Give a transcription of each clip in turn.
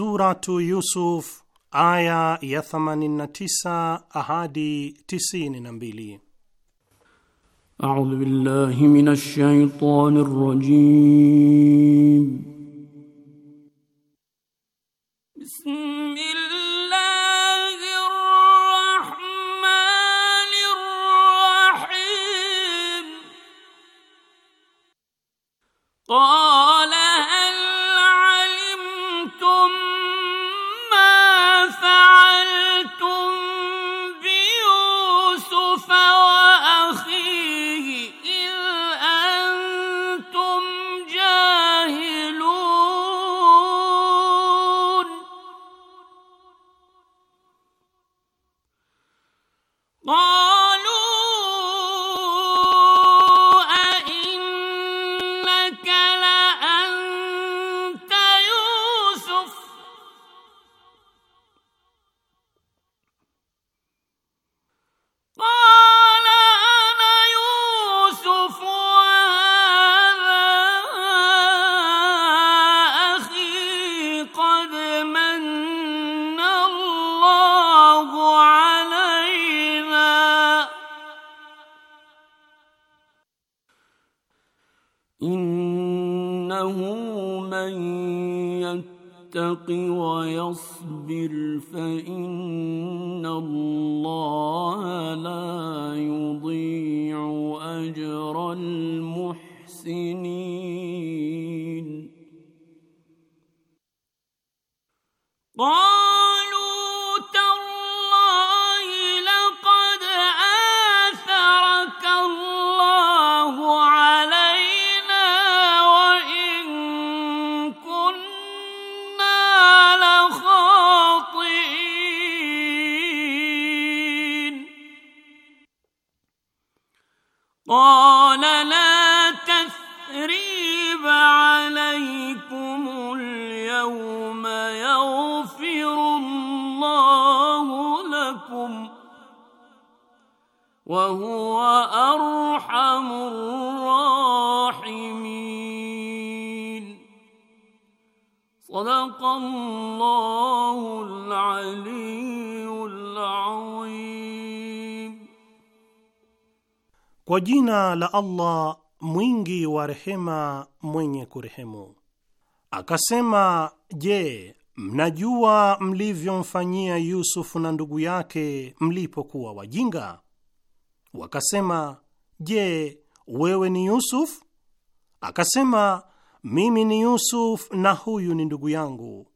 Suratu Yusuf aya ya 89 ahadi 92. A'udhu billahi minash shaitanir rajim. Bismillah قال wa huwa arhamur rahimin. aliyyul azim. Kwa jina la Allah mwingi wa rehema mwenye kurehemu. Akasema, je, mnajua mlivyomfanyia Yusufu na ndugu yake mlipokuwa wajinga? Wakasema, Je, wewe ni Yusuf? Akasema, mimi ni Yusuf na huyu ni ndugu yangu.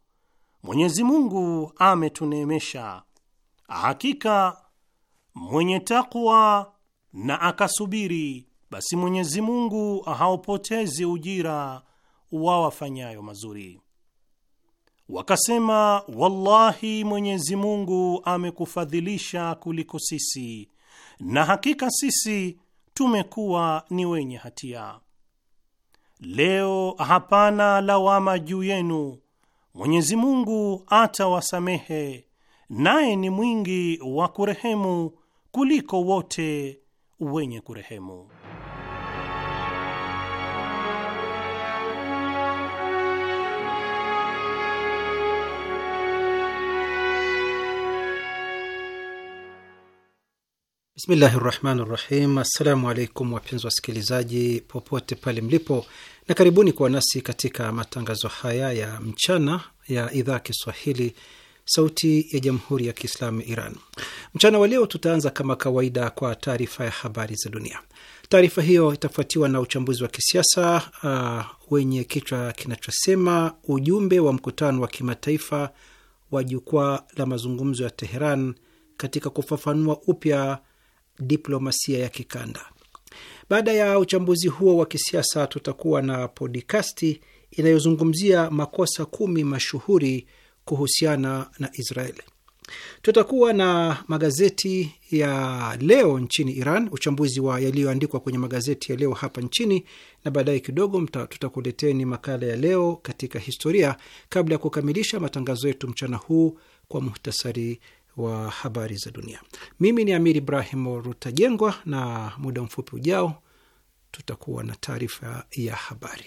Mwenyezi Mungu ametuneemesha. Hakika mwenye takwa na akasubiri, basi Mwenyezi Mungu haupotezi ujira wa wafanyayo mazuri. Wakasema, wallahi Mwenyezi Mungu amekufadhilisha kuliko sisi na hakika sisi tumekuwa ni wenye hatia. Leo hapana lawama juu yenu, Mwenyezi Mungu atawasamehe, naye ni mwingi wa kurehemu kuliko wote wenye kurehemu. Bismillahi rahmani rahim. Assalamu alaikum wapenzi wasikilizaji popote pale mlipo, na karibuni kuwa nasi katika matangazo haya ya mchana ya idhaa Kiswahili sauti ya jamhuri ya Kiislamu Iran. Mchana wa leo tutaanza kama kawaida kwa taarifa ya habari za dunia. Taarifa hiyo itafuatiwa na uchambuzi wa kisiasa uh, wenye kichwa kinachosema ujumbe wa mkutano wa kimataifa wa jukwaa la mazungumzo ya Teheran katika kufafanua upya diplomasia ya kikanda. Baada ya uchambuzi huo wa kisiasa, tutakuwa na podikasti inayozungumzia makosa kumi mashuhuri kuhusiana na israel Tutakuwa na magazeti ya leo nchini Iran, uchambuzi wa yaliyoandikwa kwenye magazeti ya leo hapa nchini, na baadaye kidogo tutakuleteni makala ya leo katika historia, kabla ya kukamilisha matangazo yetu mchana huu kwa muhtasari wa habari za dunia. Mimi ni Amir Ibrahim Rutajengwa, na muda mfupi ujao tutakuwa na taarifa ya habari.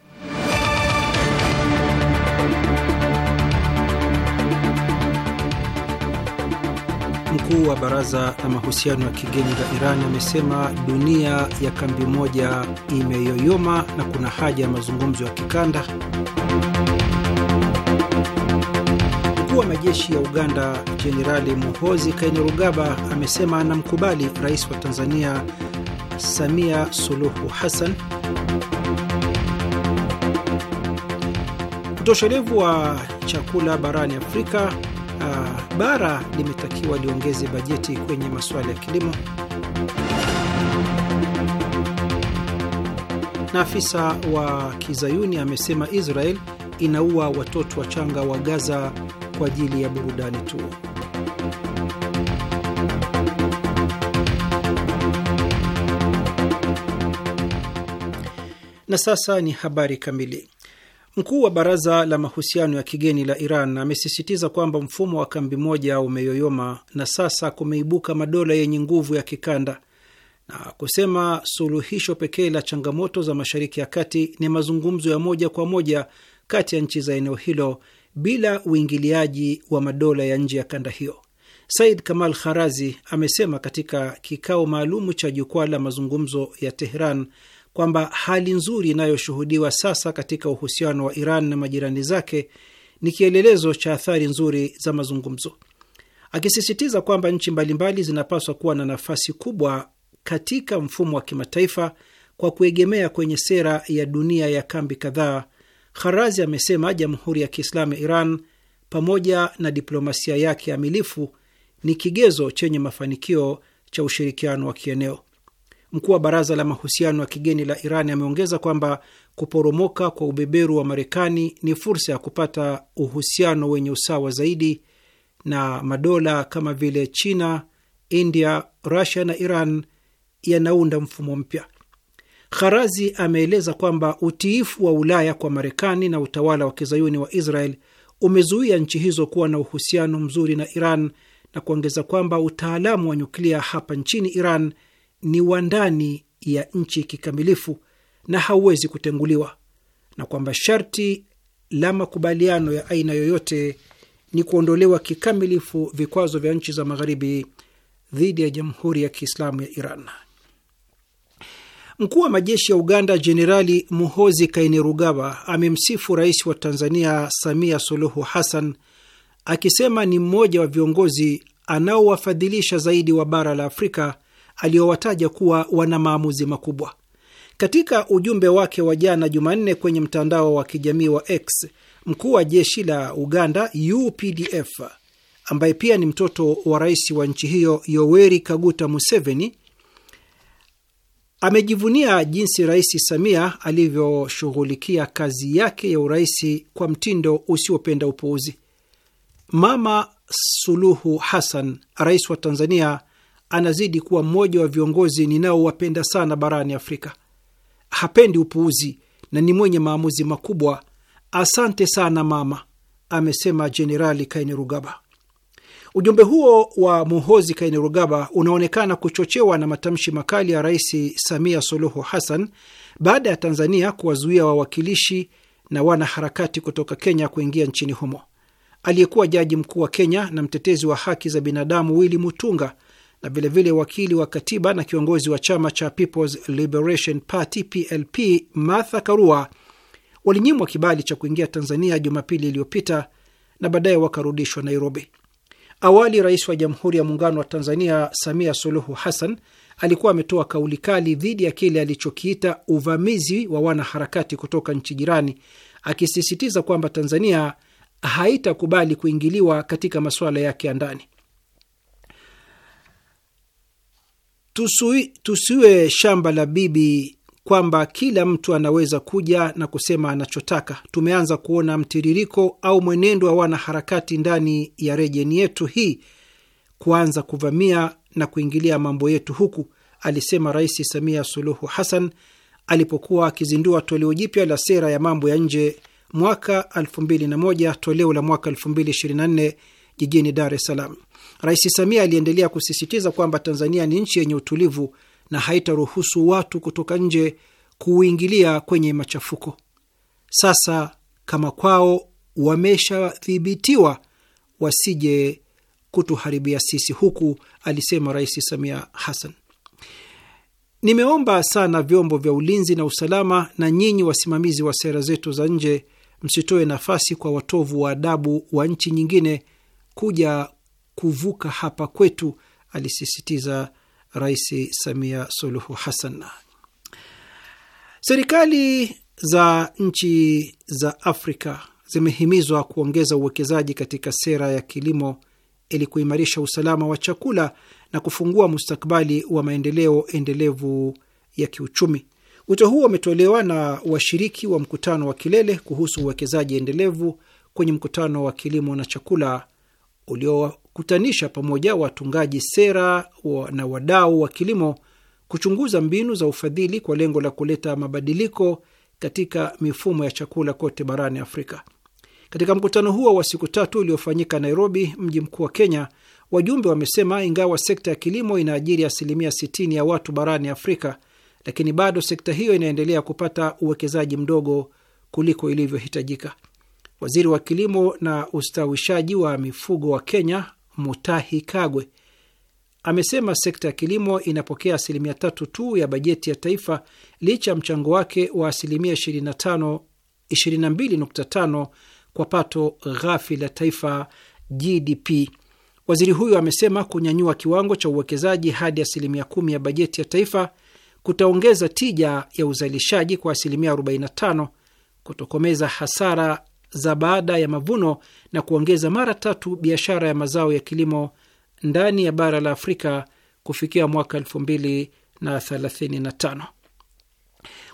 Mkuu wa baraza la mahusiano ya kigeni la Iran amesema dunia ya kambi moja imeyoyoma na kuna haja ya mazungumzo ya kikanda. Mkuu wa majeshi ya Uganda Jenerali Muhozi Kainerugaba amesema anamkubali rais wa Tanzania Samia Suluhu Hassan. Utoshelevu wa chakula barani Afrika uh, bara limetakiwa liongeze bajeti kwenye masuala ya kilimo. Na afisa wa kizayuni amesema Israel inaua watoto wachanga wa Gaza kwa ajili ya burudani tu. Na sasa ni habari kamili. Mkuu wa baraza la mahusiano ya kigeni la Iran amesisitiza kwamba mfumo wa kambi moja umeyoyoma na sasa kumeibuka madola yenye nguvu ya kikanda na kusema suluhisho pekee la changamoto za Mashariki ya Kati ni mazungumzo ya moja kwa moja kati ya nchi za eneo hilo bila uingiliaji wa madola ya nje ya kanda hiyo. Said Kamal Kharazi amesema katika kikao maalumu cha jukwaa la mazungumzo ya Tehran kwamba hali nzuri inayoshuhudiwa sasa katika uhusiano wa Iran na majirani zake ni kielelezo cha athari nzuri za mazungumzo, akisisitiza kwamba nchi mbalimbali zinapaswa kuwa na nafasi kubwa katika mfumo wa kimataifa kwa kuegemea kwenye sera ya dunia ya kambi kadhaa. Kharazi amesema Jamhuri ya Kiislamu ya Iran pamoja na diplomasia yake amilifu ni kigezo chenye mafanikio cha ushirikiano wa kieneo. Mkuu wa baraza la mahusiano ya kigeni la Iran ameongeza kwamba kuporomoka kwa ubeberu wa Marekani ni fursa ya kupata uhusiano wenye usawa zaidi na madola kama vile China, India, Rusia na Iran yanaunda mfumo mpya. Kharazi ameeleza kwamba utiifu wa Ulaya kwa Marekani na utawala wa kizayuni wa Israel umezuia nchi hizo kuwa na uhusiano mzuri na Iran na kuongeza kwamba utaalamu wa nyuklia hapa nchini Iran ni wa ndani ya nchi kikamilifu na hauwezi kutenguliwa, na kwamba sharti la makubaliano ya aina yoyote ni kuondolewa kikamilifu vikwazo vya nchi za magharibi dhidi ya Jamhuri ya Kiislamu ya Iran. Mkuu wa majeshi ya Uganda Jenerali Muhozi Kainerugawa amemsifu rais wa Tanzania Samia Suluhu Hassan akisema ni mmoja wa viongozi anaowafadhilisha zaidi wa bara la Afrika aliyowataja kuwa wana maamuzi makubwa. Katika ujumbe wake wa jana Jumanne kwenye mtandao wa kijamii wa X, mkuu wa jeshi la Uganda UPDF ambaye pia ni mtoto wa rais wa nchi hiyo Yoweri Kaguta Museveni amejivunia jinsi Rais Samia alivyoshughulikia kazi yake ya urais kwa mtindo usiopenda upuuzi. Mama Suluhu Hassan, rais wa Tanzania, anazidi kuwa mmoja wa viongozi ninaowapenda sana barani Afrika. Hapendi upuuzi na ni mwenye maamuzi makubwa. Asante sana mama, amesema Jenerali Kainerugaba. Ujumbe huo wa Muhozi Kainerugaba unaonekana kuchochewa na matamshi makali ya Rais Samia Suluhu Hassan baada ya Tanzania kuwazuia wawakilishi na wanaharakati kutoka Kenya kuingia nchini humo. Aliyekuwa jaji mkuu wa Kenya na mtetezi wa haki za binadamu Willy Mutunga na vilevile wakili wa katiba na kiongozi wa chama cha People's Liberation Party PLP Martha Karua walinyimwa kibali cha kuingia Tanzania Jumapili iliyopita na baadaye wakarudishwa Nairobi. Awali rais wa Jamhuri ya Muungano wa Tanzania Samia Suluhu Hassan alikuwa ametoa kauli kali dhidi ya kile alichokiita uvamizi wa wanaharakati kutoka nchi jirani, akisisitiza kwamba Tanzania haitakubali kuingiliwa katika masuala yake ya ndani. Tusui, tusiwe shamba la bibi kwamba kila mtu anaweza kuja na kusema anachotaka. Tumeanza kuona mtiririko au mwenendo wa wanaharakati ndani ya rejeni yetu hii kuanza kuvamia na kuingilia mambo yetu huku, alisema Rais Samia Suluhu Hassan alipokuwa akizindua toleo jipya la sera ya mambo ya nje mwaka 2001 toleo la mwaka 2024 jijini Dar es Salaam. Rais Samia aliendelea kusisitiza kwamba Tanzania ni nchi yenye utulivu na haitaruhusu watu kutoka nje kuingilia kwenye machafuko. Sasa kama kwao wameshadhibitiwa, wasije kutuharibia sisi huku, alisema Rais Samia Hassan. Nimeomba sana vyombo vya ulinzi na usalama na nyinyi wasimamizi wa sera zetu za nje, msitoe nafasi kwa watovu wa adabu wa nchi nyingine kuja kuvuka hapa kwetu, alisisitiza Rais Samia Suluhu Hassan. Serikali za nchi za Afrika zimehimizwa kuongeza uwekezaji katika sera ya kilimo ili kuimarisha usalama wa chakula na kufungua mustakabali wa maendeleo endelevu ya kiuchumi. Wito huo umetolewa na washiriki wa mkutano wa kilele kuhusu uwekezaji endelevu kwenye mkutano wa kilimo na chakula ulio, kutanisha pamoja watungaji sera wa na wadau wa kilimo kuchunguza mbinu za ufadhili kwa lengo la kuleta mabadiliko katika mifumo ya chakula kote barani Afrika. Katika mkutano huo wa siku tatu uliofanyika Nairobi, mji mkuu wa Kenya, wajumbe wamesema ingawa sekta ya kilimo inaajiri asilimia 60 ya watu barani Afrika, lakini bado sekta hiyo inaendelea kupata uwekezaji mdogo kuliko ilivyohitajika. Waziri wa kilimo na ustawishaji wa mifugo wa Kenya Mutahi Kagwe amesema sekta ya kilimo inapokea asilimia tatu tu ya bajeti ya taifa licha ya mchango wake wa asilimia 22.5 kwa pato ghafi la taifa GDP. Waziri huyo amesema kunyanyua kiwango cha uwekezaji hadi asilimia kumi ya bajeti ya taifa kutaongeza tija ya uzalishaji kwa asilimia 45, kutokomeza hasara za baada ya mavuno na kuongeza mara tatu biashara ya mazao ya kilimo ndani ya bara la Afrika kufikia mwaka 2035.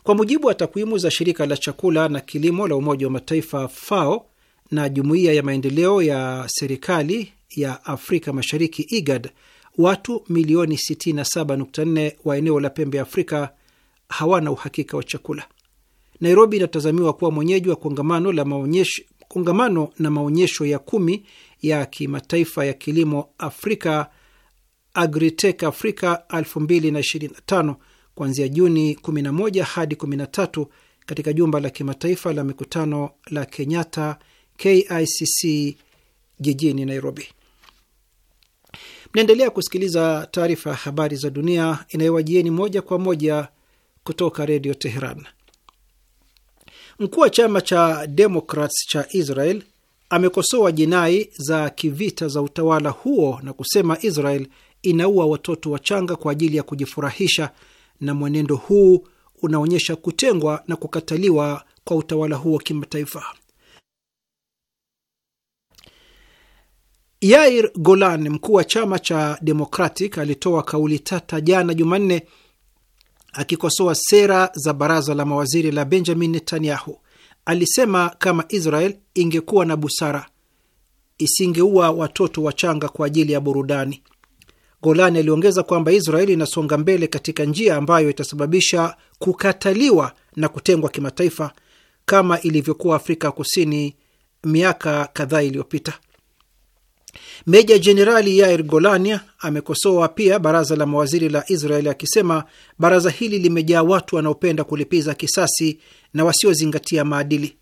Kwa mujibu wa takwimu za shirika la chakula na kilimo la Umoja wa Mataifa FAO na jumuiya ya maendeleo ya serikali ya Afrika Mashariki IGAD, watu milioni 67.4 wa eneo la pembe ya Afrika hawana uhakika wa chakula. Nairobi inatazamiwa kuwa mwenyeji wa kongamano la maonyesho, kongamano na maonyesho ya kumi ya kimataifa ya kilimo Afrika Agritech Africa 2025 kuanzia Juni 11 hadi 13 katika jumba la kimataifa la mikutano la Kenyatta KICC jijini Nairobi. Mnaendelea kusikiliza taarifa ya habari za dunia inayowajieni moja kwa moja kutoka Redio Teheran. Mkuu wa chama cha Democrats cha Israel amekosoa jinai za kivita za utawala huo na kusema Israel inaua watoto wachanga kwa ajili ya kujifurahisha, na mwenendo huu unaonyesha kutengwa na kukataliwa kwa utawala huo kimataifa. Yair Golan, mkuu wa chama cha Democratic, alitoa kauli tata jana Jumanne akikosoa sera za baraza la mawaziri la Benjamin Netanyahu. Alisema kama Israel ingekuwa na busara isingeua watoto wachanga kwa ajili ya burudani. Golani aliongeza kwamba Israeli inasonga mbele katika njia ambayo itasababisha kukataliwa na kutengwa kimataifa kama ilivyokuwa Afrika Kusini miaka kadhaa iliyopita. Meja Jenerali Yair Golan amekosoa pia baraza la mawaziri la Israeli akisema baraza hili limejaa watu wanaopenda kulipiza kisasi na wasiozingatia maadili.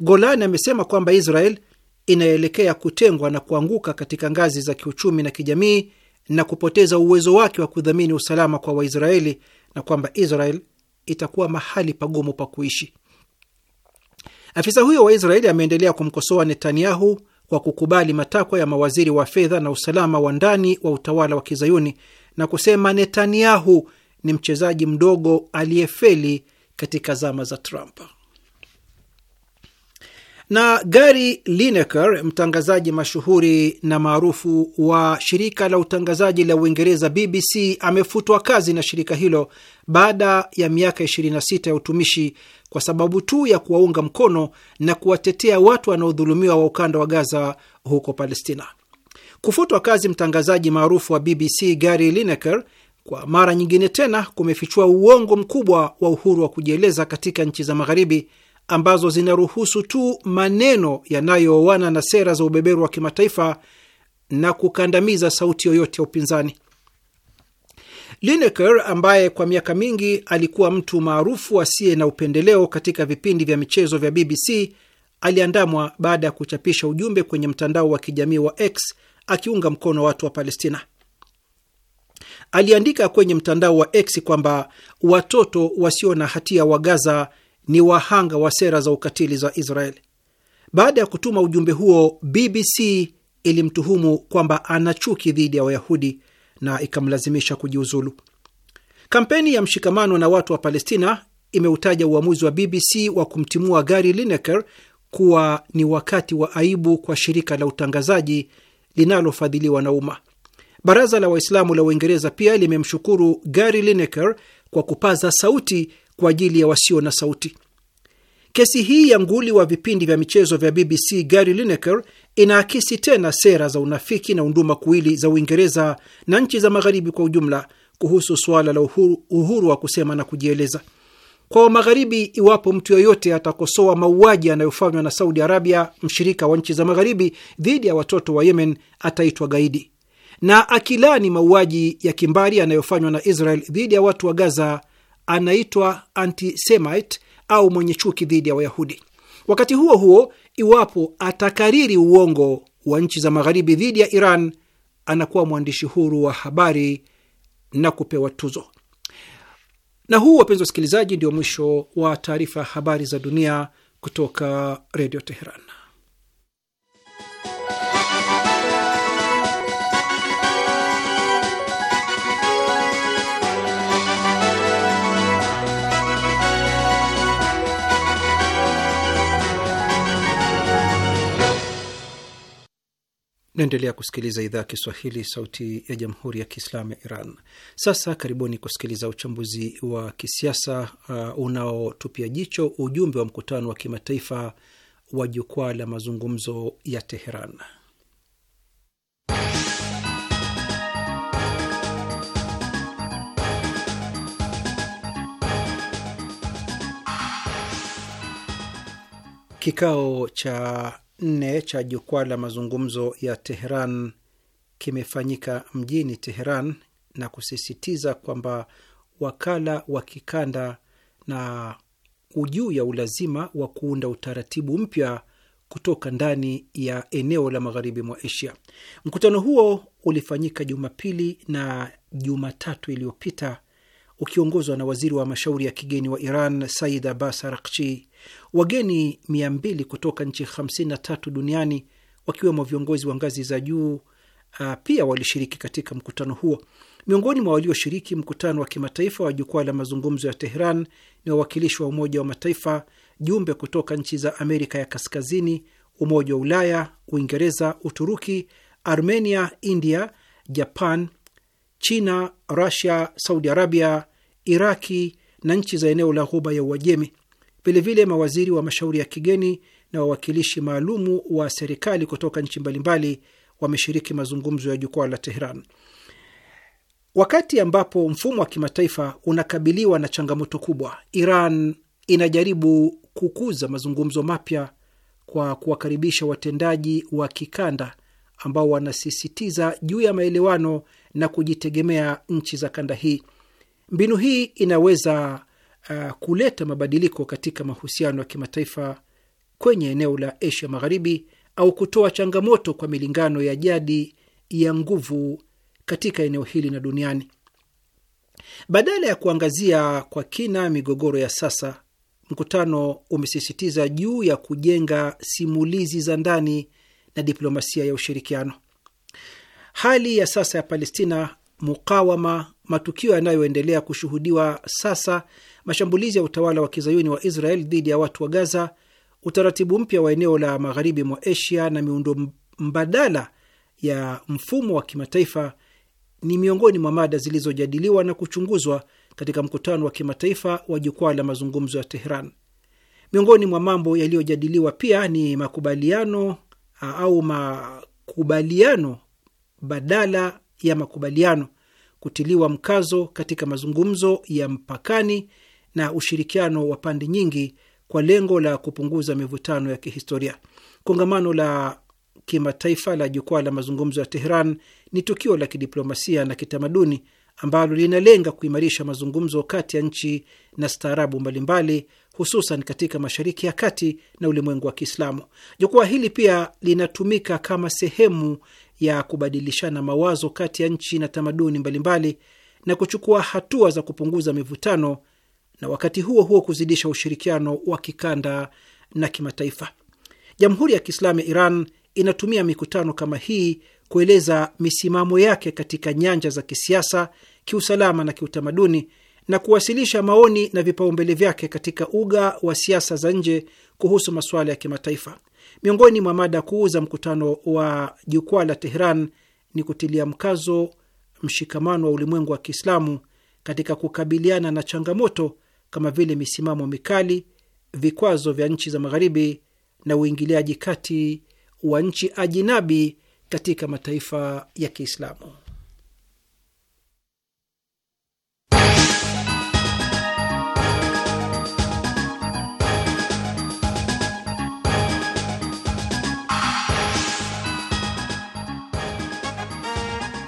Golan amesema kwamba Israel inaelekea kutengwa na kuanguka katika ngazi za kiuchumi na kijamii na kupoteza uwezo wake wa kudhamini usalama kwa Waisraeli na kwamba Israel itakuwa mahali pagumu pa kuishi. Afisa huyo wa Israeli ameendelea kumkosoa Netanyahu kwa kukubali matakwa ya mawaziri wa fedha na usalama wa ndani wa utawala wa kizayuni na kusema Netanyahu ni mchezaji mdogo aliyefeli katika zama za Trump na Gary Lineker, mtangazaji mashuhuri na maarufu wa shirika la utangazaji la Uingereza BBC, amefutwa kazi na shirika hilo baada ya miaka 26 ya utumishi kwa sababu tu ya kuwaunga mkono na kuwatetea watu wanaodhulumiwa wa ukanda wa Gaza huko Palestina. Kufutwa kazi mtangazaji maarufu wa BBC Gary Lineker kwa mara nyingine tena kumefichua uongo mkubwa wa uhuru wa kujieleza katika nchi za Magharibi ambazo zinaruhusu tu maneno yanayooana na sera za ubeberu wa kimataifa na kukandamiza sauti yoyote ya upinzani. Lineker ambaye kwa miaka mingi alikuwa mtu maarufu asiye na upendeleo katika vipindi vya michezo vya BBC aliandamwa baada ya kuchapisha ujumbe kwenye mtandao wa kijamii wa X akiunga mkono watu wa Palestina. Aliandika kwenye mtandao wa X kwamba watoto wasio na hatia wa Gaza ni wahanga wa sera za ukatili za Israeli. Baada ya kutuma ujumbe huo, BBC ilimtuhumu kwamba ana chuki dhidi ya Wayahudi na ikamlazimisha kujiuzulu. Kampeni ya mshikamano na watu wa Palestina imeutaja uamuzi wa BBC wa kumtimua Gary Lineker kuwa ni wakati wa aibu kwa shirika la utangazaji linalofadhiliwa na umma. Baraza la Waislamu la Uingereza pia limemshukuru Gary Lineker kwa kupaza sauti kwa ajili ya wasio na sauti. Kesi hii ya nguli wa vipindi vya michezo vya BBC Gary Lineker inaakisi tena sera za unafiki na unduma kuwili za Uingereza na nchi za Magharibi kwa ujumla kuhusu suala la uhuru, uhuru wa kusema na kujieleza. Kwa magharibi iwapo mtu yoyote atakosoa mauaji yanayofanywa na Saudi Arabia, mshirika wa nchi za Magharibi, dhidi ya watoto wa Yemen ataitwa gaidi, na akilani mauaji ya kimbari yanayofanywa na Israel dhidi ya watu wa Gaza anaitwa antisemite au mwenye chuki dhidi ya Wayahudi. Wakati huo huo, iwapo atakariri uongo wa nchi za magharibi dhidi ya Iran, anakuwa mwandishi huru wa habari na kupewa tuzo. Na huu, wapenzi wasikilizaji, ndio mwisho wa taarifa ya habari za dunia kutoka Redio Teheran. Naendelea kusikiliza idhaa ya Kiswahili, sauti ya jamhuri ya kiislamu ya Iran. Sasa karibuni kusikiliza uchambuzi wa kisiasa uh, unaotupia jicho ujumbe wa mkutano wa kimataifa wa jukwaa la mazungumzo ya Teheran. Kikao cha nne cha jukwaa la mazungumzo ya Teheran kimefanyika mjini Teheran na kusisitiza kwamba wakala wa kikanda na ujuu ya ulazima wa kuunda utaratibu mpya kutoka ndani ya eneo la magharibi mwa Asia. Mkutano huo ulifanyika Jumapili na Jumatatu iliyopita ukiongozwa na waziri wa mashauri ya kigeni wa Iran Said Abbas Araghchi wageni 200 kutoka nchi 53 duniani wakiwemo viongozi wa ngazi za juu uh, pia walishiriki katika mkutano huo. Miongoni mwa walioshiriki mkutano wa kimataifa wa jukwaa la mazungumzo ya Teheran ni wawakilishi wa Umoja wa Mataifa, jumbe kutoka nchi za Amerika ya Kaskazini, Umoja wa Ulaya, Uingereza, Uturuki, Armenia, India, Japan, China, Rusia, Saudi Arabia, Iraki na nchi za eneo la Ghuba ya Uajemi. Vilevile mawaziri wa mashauri ya kigeni na wawakilishi maalumu wa serikali kutoka nchi mbalimbali wameshiriki mazungumzo ya jukwaa la Teheran. Wakati ambapo mfumo wa kimataifa unakabiliwa na changamoto kubwa, Iran inajaribu kukuza mazungumzo mapya kwa kuwakaribisha watendaji wa kikanda ambao wanasisitiza juu ya maelewano na kujitegemea nchi za kanda hii. Mbinu hii inaweza uh, kuleta mabadiliko katika mahusiano ya kimataifa kwenye eneo la Asia Magharibi au kutoa changamoto kwa milingano ya jadi ya nguvu katika eneo hili na duniani. Badala ya kuangazia kwa kina migogoro ya sasa, mkutano umesisitiza juu ya kujenga simulizi za ndani na diplomasia ya ushirikiano. Hali ya sasa ya Palestina, mukawama, matukio yanayoendelea kushuhudiwa sasa mashambulizi ya utawala wa kizayuni wa Israel dhidi ya watu wa Gaza, utaratibu mpya wa eneo la magharibi mwa Asia na miundo mbadala ya mfumo wa kimataifa ni miongoni mwa mada zilizojadiliwa na kuchunguzwa katika mkutano wa kimataifa wa jukwaa la mazungumzo ya Teheran. Miongoni mwa mambo yaliyojadiliwa pia ni makubaliano au makubaliano badala ya makubaliano, kutiliwa mkazo katika mazungumzo ya mpakani na ushirikiano wa pande nyingi kwa lengo la kupunguza mivutano ya kihistoria. Kongamano la kimataifa la jukwaa la mazungumzo ya Teheran ni tukio la kidiplomasia na kitamaduni ambalo linalenga kuimarisha mazungumzo kati ya nchi na staarabu mbalimbali hususan katika Mashariki ya Kati na ulimwengu wa Kiislamu. Jukwaa hili pia linatumika kama sehemu ya kubadilishana mawazo kati ya nchi na tamaduni mbalimbali na kuchukua hatua za kupunguza mivutano na wakati huo huo kuzidisha ushirikiano wa kikanda na kimataifa. Jamhuri ya Kiislamu ya Iran inatumia mikutano kama hii kueleza misimamo yake katika nyanja za kisiasa, kiusalama na kiutamaduni na kuwasilisha maoni na vipaumbele vyake katika uga wa siasa za nje kuhusu masuala ya kimataifa. Miongoni mwa mada kuu za mkutano wa jukwaa la Tehran ni kutilia mkazo mshikamano wa ulimwengu wa Kiislamu katika kukabiliana na changamoto kama vile misimamo mikali, vikwazo vya nchi za Magharibi na uingiliaji kati wa nchi ajinabi katika mataifa ya Kiislamu.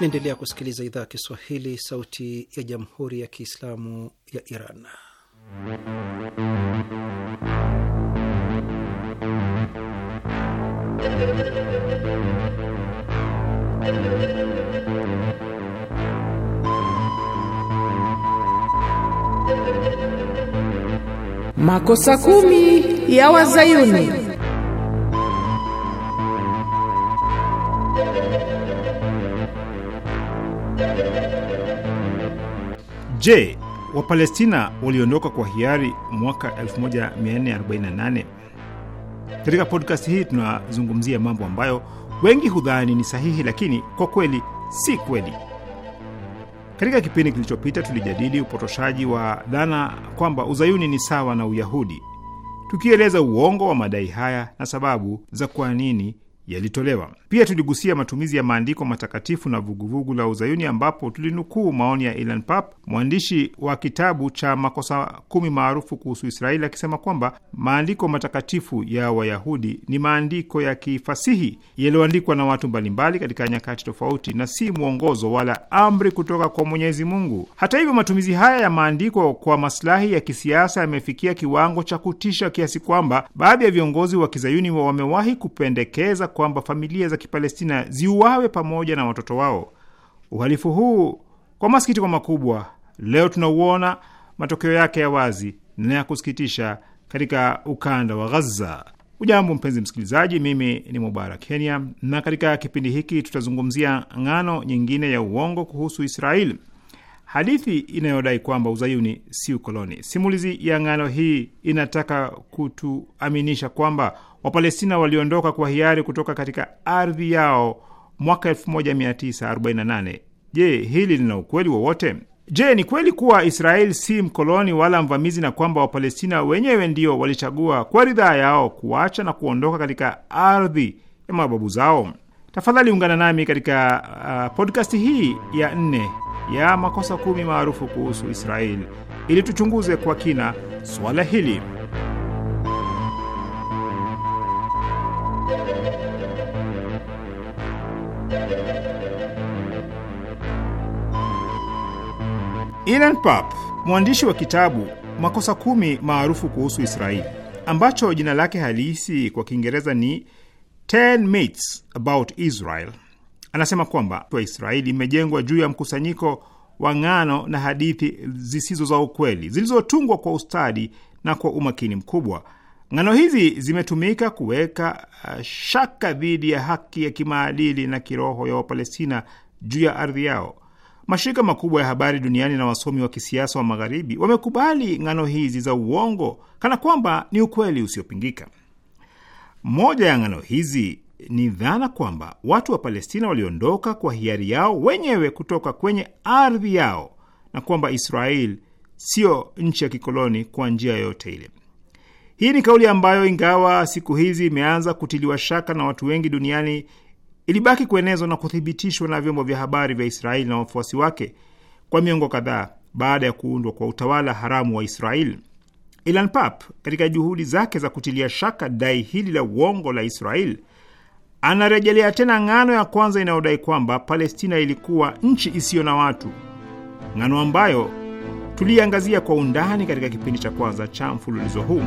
Naendelea kusikiliza idhaa ya Kiswahili, sauti ya jamhuri ya Kiislamu ya Iran. Makosa kumi ya Wazayuni. Je, Wapalestina waliondoka kwa hiari mwaka 1448. Katika podcast hii tunazungumzia mambo ambayo wengi hudhani ni sahihi, lakini kwa kweli si kweli. Katika kipindi kilichopita tulijadili upotoshaji wa dhana kwamba uzayuni ni sawa na Uyahudi, tukieleza uongo wa madai haya na sababu za kwa nini yalitolewa. Pia tuligusia matumizi ya maandiko matakatifu na vuguvugu la Uzayuni, ambapo tulinukuu maoni ya Ilan Pap, mwandishi wa kitabu cha makosa kumi maarufu kuhusu Israeli, akisema kwamba maandiko matakatifu ya Wayahudi ni maandiko ya kifasihi yaliyoandikwa na watu mbalimbali katika nyakati tofauti na si mwongozo wala amri kutoka kwa Mwenyezi Mungu. Hata hivyo, matumizi haya ya maandiko kwa masilahi ya kisiasa yamefikia kiwango cha kutisha kiasi kwamba baadhi ya viongozi wa kizayuni wamewahi kupendekeza kwamba familia za Kipalestina ziuawe pamoja na watoto wao. Uhalifu huu kwa masikitiko makubwa, leo tunauona matokeo yake ya wazi na ya kusikitisha katika ukanda wa ghaza Ujambo mpenzi msikilizaji, mimi ni Mubarak Kenya, na katika kipindi hiki tutazungumzia ngano nyingine ya uongo kuhusu Israeli, hadithi inayodai kwamba uzayuni si ukoloni. Simulizi ya ngano hii inataka kutuaminisha kwamba Wapalestina waliondoka kwa hiari kutoka katika ardhi yao mwaka 1948. Je, hili lina ukweli wowote? Je, ni kweli kuwa Israeli si mkoloni wala mvamizi na kwamba Wapalestina wenyewe ndio walichagua kwa ridhaa yao kuacha na kuondoka katika ardhi ya mababu zao? Tafadhali ungana nami katika uh, podcast hii ya nne ya makosa kumi maarufu kuhusu Israeli ili tuchunguze kwa kina swala hili. Ilan Pappe, mwandishi wa kitabu Makosa Kumi maarufu kuhusu Israeli, ambacho jina lake halisi kwa Kiingereza ni Ten Myths About Israel, anasema kwamba Israeli imejengwa juu ya mkusanyiko wa ngano na hadithi zisizo za ukweli zilizotungwa kwa ustadi na kwa umakini mkubwa. Ngano hizi zimetumika kuweka uh, shaka dhidi ya haki ya kimaadili na kiroho ya Wapalestina juu ya ardhi yao. Mashirika makubwa ya habari duniani na wasomi wa kisiasa wa Magharibi wamekubali ngano hizi za uongo kana kwamba ni ukweli usiopingika. Moja ya ngano hizi ni dhana kwamba watu wa Palestina waliondoka kwa hiari yao wenyewe kutoka kwenye ardhi yao na kwamba Israel siyo nchi ya kikoloni kwa njia yoyote ile. Hii ni kauli ambayo ingawa siku hizi imeanza kutiliwa shaka na watu wengi duniani, ilibaki kuenezwa na kuthibitishwa na vyombo vya habari vya Israeli na wafuasi wake kwa miongo kadhaa baada ya kuundwa kwa utawala haramu wa Israeli. Ilan Pap, katika juhudi zake za kutilia shaka dai hili la uongo la Israeli, anarejelea tena ng'ano ya kwanza inayodai kwamba Palestina ilikuwa nchi isiyo na watu, ng'ano ambayo tuliiangazia kwa undani katika kipindi cha kwanza cha mfululizo huu.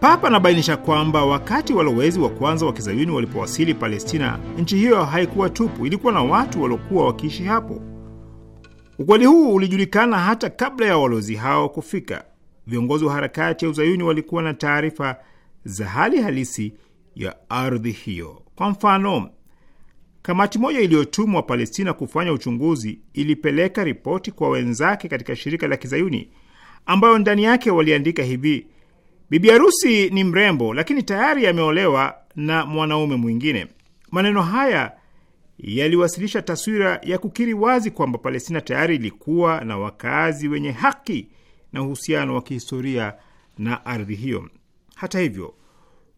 Papa anabainisha kwamba wakati walowezi wa kwanza wa kizayuni walipowasili Palestina, nchi hiyo haikuwa tupu, ilikuwa na watu waliokuwa wakiishi hapo. Ukweli huu ulijulikana hata kabla ya walowezi hao kufika. Viongozi wa harakati ya uzayuni walikuwa na taarifa za hali halisi ya ardhi hiyo. Kwa mfano, kamati moja iliyotumwa Palestina kufanya uchunguzi ilipeleka ripoti kwa wenzake katika shirika la kizayuni ambayo ndani yake waliandika hivi Bibi harusi ni mrembo, lakini tayari ameolewa na mwanaume mwingine. Maneno haya yaliwasilisha taswira ya kukiri wazi kwamba Palestina tayari ilikuwa na wakazi wenye haki na uhusiano wa kihistoria na ardhi hiyo. Hata hivyo,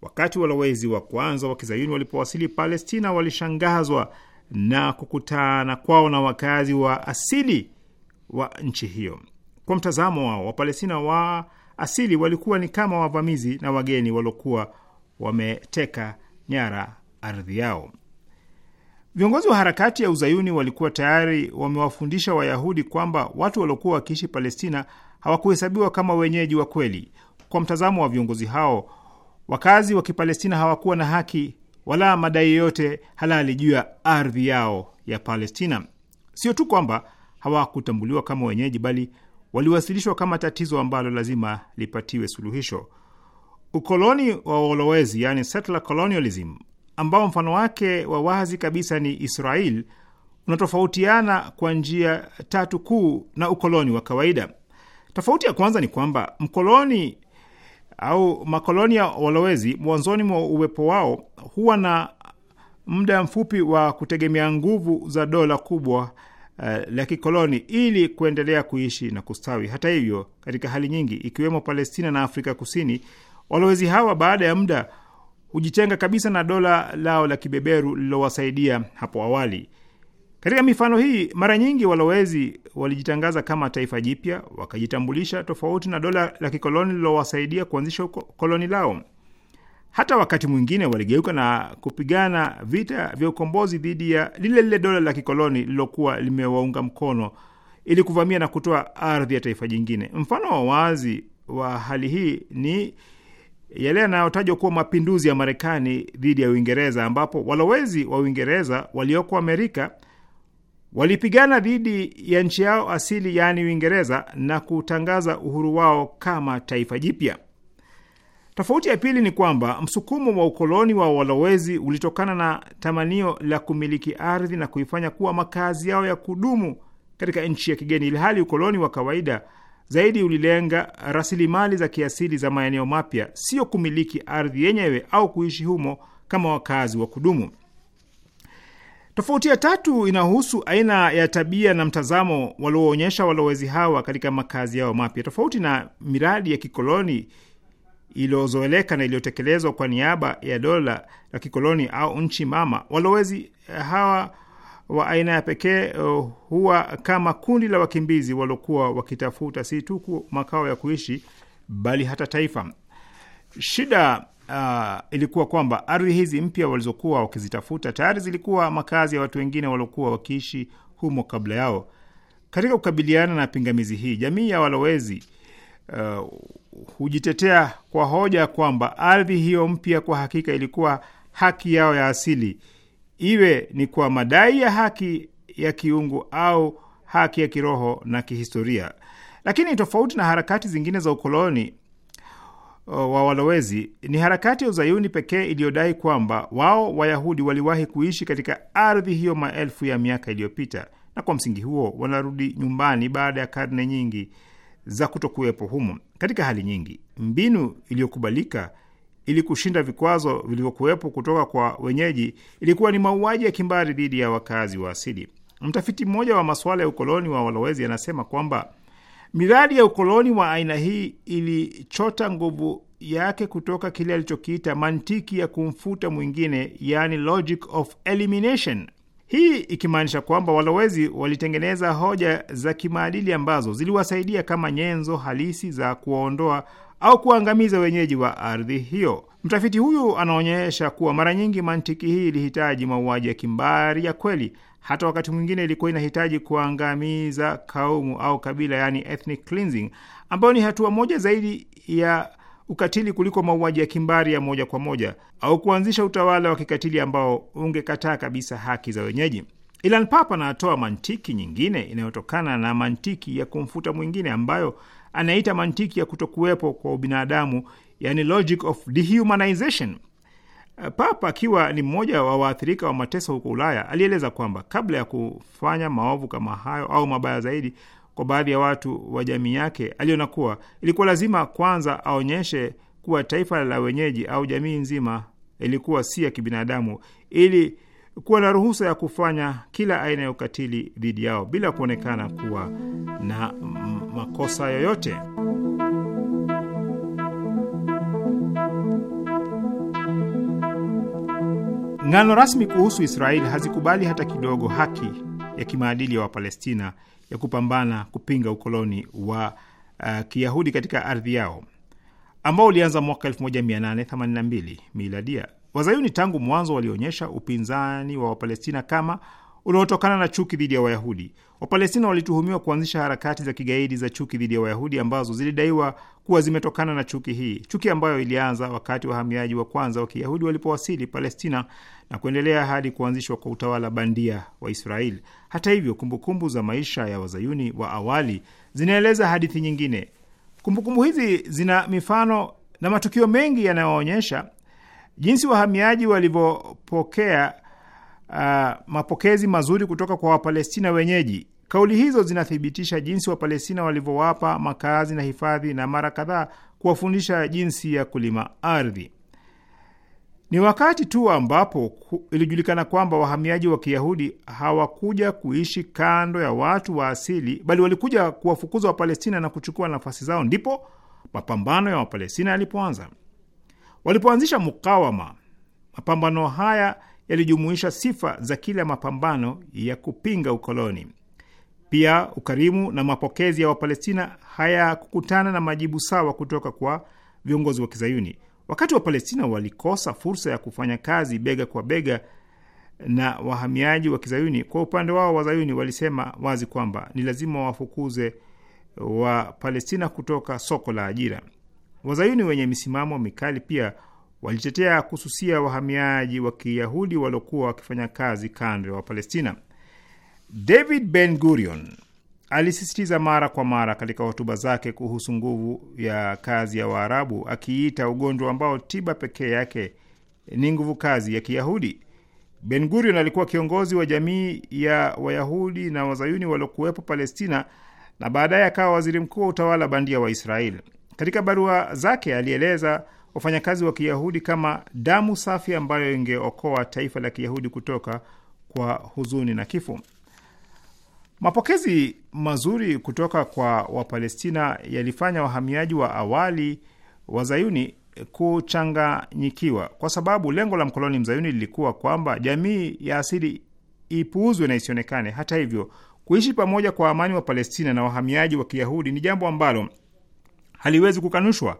wakati walowezi wa kwanza wa kizayuni walipowasili Palestina, walishangazwa na kukutana kwao na wakazi wa asili wa nchi hiyo. Kwa mtazamo wao, Wapalestina wa asili walikuwa ni kama wavamizi na wageni waliokuwa wameteka nyara ardhi yao. Viongozi wa harakati ya uzayuni walikuwa tayari wamewafundisha Wayahudi kwamba watu waliokuwa wakiishi Palestina hawakuhesabiwa kama wenyeji wa kweli. Kwa mtazamo wa viongozi hao, wakazi wa Kipalestina hawakuwa na haki wala madai yoyote halali juu ya ardhi yao ya Palestina. Sio tu kwamba hawakutambuliwa kama wenyeji, bali waliwasilishwa kama tatizo ambalo lazima lipatiwe suluhisho. Ukoloni wa walowezi, yani settler colonialism, ambao mfano wake wa wazi kabisa ni Israel, unatofautiana kwa njia tatu kuu na ukoloni wa kawaida. Tofauti ya kwanza ni kwamba mkoloni au makolonia walowezi mwanzoni mwa uwepo wao huwa na muda mfupi wa kutegemea nguvu za dola kubwa uh, la kikoloni ili kuendelea kuishi na kustawi. Hata hivyo, katika hali nyingi, ikiwemo Palestina na Afrika Kusini, walowezi hawa baada ya muda hujitenga kabisa na dola lao la kibeberu lilowasaidia hapo awali. Katika mifano hii, mara nyingi walowezi walijitangaza kama taifa jipya, wakajitambulisha tofauti na dola la kikoloni lilowasaidia kuanzisha koloni lao. Hata wakati mwingine waligeuka na kupigana vita vya ukombozi dhidi ya lile lile dola la kikoloni lililokuwa limewaunga mkono ili kuvamia na kutoa ardhi ya taifa jingine. Mfano wa wazi wa hali hii ni yale yanayotajwa kuwa mapinduzi ya Marekani dhidi ya Uingereza, ambapo walowezi wa Uingereza walioko Amerika walipigana dhidi ya nchi yao asili, yaani Uingereza, na kutangaza uhuru wao kama taifa jipya. Tofauti ya pili ni kwamba msukumo wa ukoloni wa walowezi ulitokana na tamanio la kumiliki ardhi na kuifanya kuwa makazi yao ya kudumu katika nchi ya kigeni, ilhali ukoloni wa kawaida zaidi ulilenga rasilimali za kiasili za maeneo mapya, sio kumiliki ardhi yenyewe au kuishi humo kama wakazi wa kudumu. Tofauti ya tatu inahusu aina ya tabia na mtazamo walioonyesha walowezi hawa katika makazi yao mapya. Tofauti na miradi ya kikoloni iliyozoeleka na iliyotekelezwa kwa niaba ya dola la kikoloni au nchi mama. Walowezi eh, hawa wa aina ya pekee eh, huwa kama kundi la wakimbizi waliokuwa wakitafuta si tu makao ya kuishi bali hata taifa. Shida uh, ilikuwa kwamba ardhi hizi mpya walizokuwa wakizitafuta tayari zilikuwa makazi ya watu wengine waliokuwa wakiishi humo kabla yao. Katika kukabiliana na pingamizi hii, jamii ya walowezi Uh, hujitetea kwa hoja kwamba ardhi hiyo mpya kwa hakika ilikuwa haki yao ya asili, iwe ni kwa madai ya haki ya kiungu au haki ya kiroho na kihistoria. Lakini tofauti na harakati zingine za ukoloni uh, wa walowezi, ni harakati ya uzayuni pekee iliyodai kwamba wao Wayahudi waliwahi kuishi katika ardhi hiyo maelfu ya miaka iliyopita, na kwa msingi huo wanarudi nyumbani baada ya karne nyingi za kutokuwepo humo. Katika hali nyingi, mbinu iliyokubalika ili kushinda vikwazo vilivyokuwepo kutoka kwa wenyeji ilikuwa ni mauaji ya kimbari dhidi ya wakazi wa asili. Mtafiti mmoja wa masuala ya ukoloni wa walowezi anasema kwamba miradi ya ukoloni wa aina hii ilichota nguvu yake kutoka kile alichokiita mantiki ya kumfuta mwingine, yani logic of elimination, hii ikimaanisha kwamba walowezi walitengeneza hoja za kimaadili ambazo ziliwasaidia kama nyenzo halisi za kuwaondoa au kuwaangamiza wenyeji wa ardhi hiyo. Mtafiti huyu anaonyesha kuwa mara nyingi mantiki hii ilihitaji mauaji ya kimbari ya kweli. Hata wakati mwingine ilikuwa inahitaji kuangamiza kaumu au kabila, yani ethnic cleansing, ambayo ni hatua moja zaidi ya ukatili kuliko mauaji ya kimbari ya moja kwa moja au kuanzisha utawala wa kikatili ambao ungekataa kabisa haki za wenyeji. Ilan Pappe anatoa mantiki nyingine inayotokana na mantiki ya kumfuta mwingine ambayo anaita mantiki ya kutokuwepo kwa ubinadamu, yani logic of dehumanization. Papa akiwa ni mmoja wa waathirika wa mateso huko Ulaya alieleza kwamba kabla ya kufanya maovu kama hayo au mabaya zaidi, kwa baadhi ya watu wa jamii yake, aliona kuwa ilikuwa lazima kwanza aonyeshe kuwa taifa la wenyeji au jamii nzima ilikuwa si ya kibinadamu ili kuwa na ruhusa ya kufanya kila aina ya ukatili dhidi yao bila kuonekana kuwa na makosa yoyote. Ngano rasmi kuhusu Israeli hazikubali hata kidogo haki ya kimaadili ya Wapalestina ya kupambana kupinga ukoloni wa uh, Kiyahudi katika ardhi yao ambao ulianza mwaka 1882 miladia. Wazayuni tangu mwanzo walionyesha upinzani wa Wapalestina kama unaotokana na chuki dhidi ya Wayahudi. Wapalestina walituhumiwa kuanzisha harakati za kigaidi za chuki dhidi ya Wayahudi ambazo zilidaiwa kuwa zimetokana na chuki hii, chuki ambayo ilianza wakati wahamiaji wa kwanza wa Kiyahudi walipowasili Palestina na kuendelea hadi kuanzishwa kwa utawala bandia wa Israeli. Hata hivyo, kumbukumbu za maisha ya wazayuni wa awali zinaeleza hadithi nyingine. Kumbukumbu hizi zina mifano na matukio mengi yanayoonyesha jinsi wahamiaji walivyopokea uh, mapokezi mazuri kutoka kwa Wapalestina wenyeji. Kauli hizo zinathibitisha jinsi Wapalestina walivyowapa makazi na hifadhi na mara kadhaa kuwafundisha jinsi ya kulima ardhi. Ni wakati tu ambapo ilijulikana kwamba wahamiaji wa Kiyahudi hawakuja kuishi kando ya watu wa asili, bali walikuja kuwafukuza Wapalestina na kuchukua nafasi zao, ndipo mapambano ya Wapalestina yalipoanza. Walipoanzisha mukawama, mapambano haya yalijumuisha sifa za kila mapambano ya kupinga ukoloni. Pia ukarimu na mapokezi ya Wapalestina hayakukutana na majibu sawa kutoka kwa viongozi wa Kizayuni. Wakati Wapalestina walikosa fursa ya kufanya kazi bega kwa bega na wahamiaji wa Kizayuni, kwa upande wao Wazayuni walisema wazi kwamba ni lazima wafukuze Wapalestina kutoka soko la ajira. Wazayuni wenye misimamo mikali pia walitetea kususia wahamiaji wa Kiyahudi waliokuwa wakifanya kazi kando ya Wapalestina. David Ben Gurion alisisitiza mara kwa mara katika hotuba zake kuhusu nguvu ya kazi ya Waarabu, akiita ugonjwa ambao tiba pekee yake ni nguvu kazi ya Kiyahudi. Ben Gurion alikuwa kiongozi wa jamii ya Wayahudi na Wazayuni waliokuwepo Palestina na baadaye akawa waziri mkuu wa utawala bandia wa Israeli. Katika barua zake alieleza wafanyakazi wa Kiyahudi kama damu safi ambayo ingeokoa taifa la Kiyahudi kutoka kwa huzuni na kifo. Mapokezi mazuri kutoka kwa Wapalestina yalifanya wahamiaji wa awali wazayuni kuchanganyikiwa, kwa sababu lengo la mkoloni mzayuni lilikuwa kwamba jamii ya asili ipuuzwe na isionekane. Hata hivyo, kuishi pamoja kwa amani wa Palestina na wahamiaji wa Kiyahudi ni jambo ambalo haliwezi kukanushwa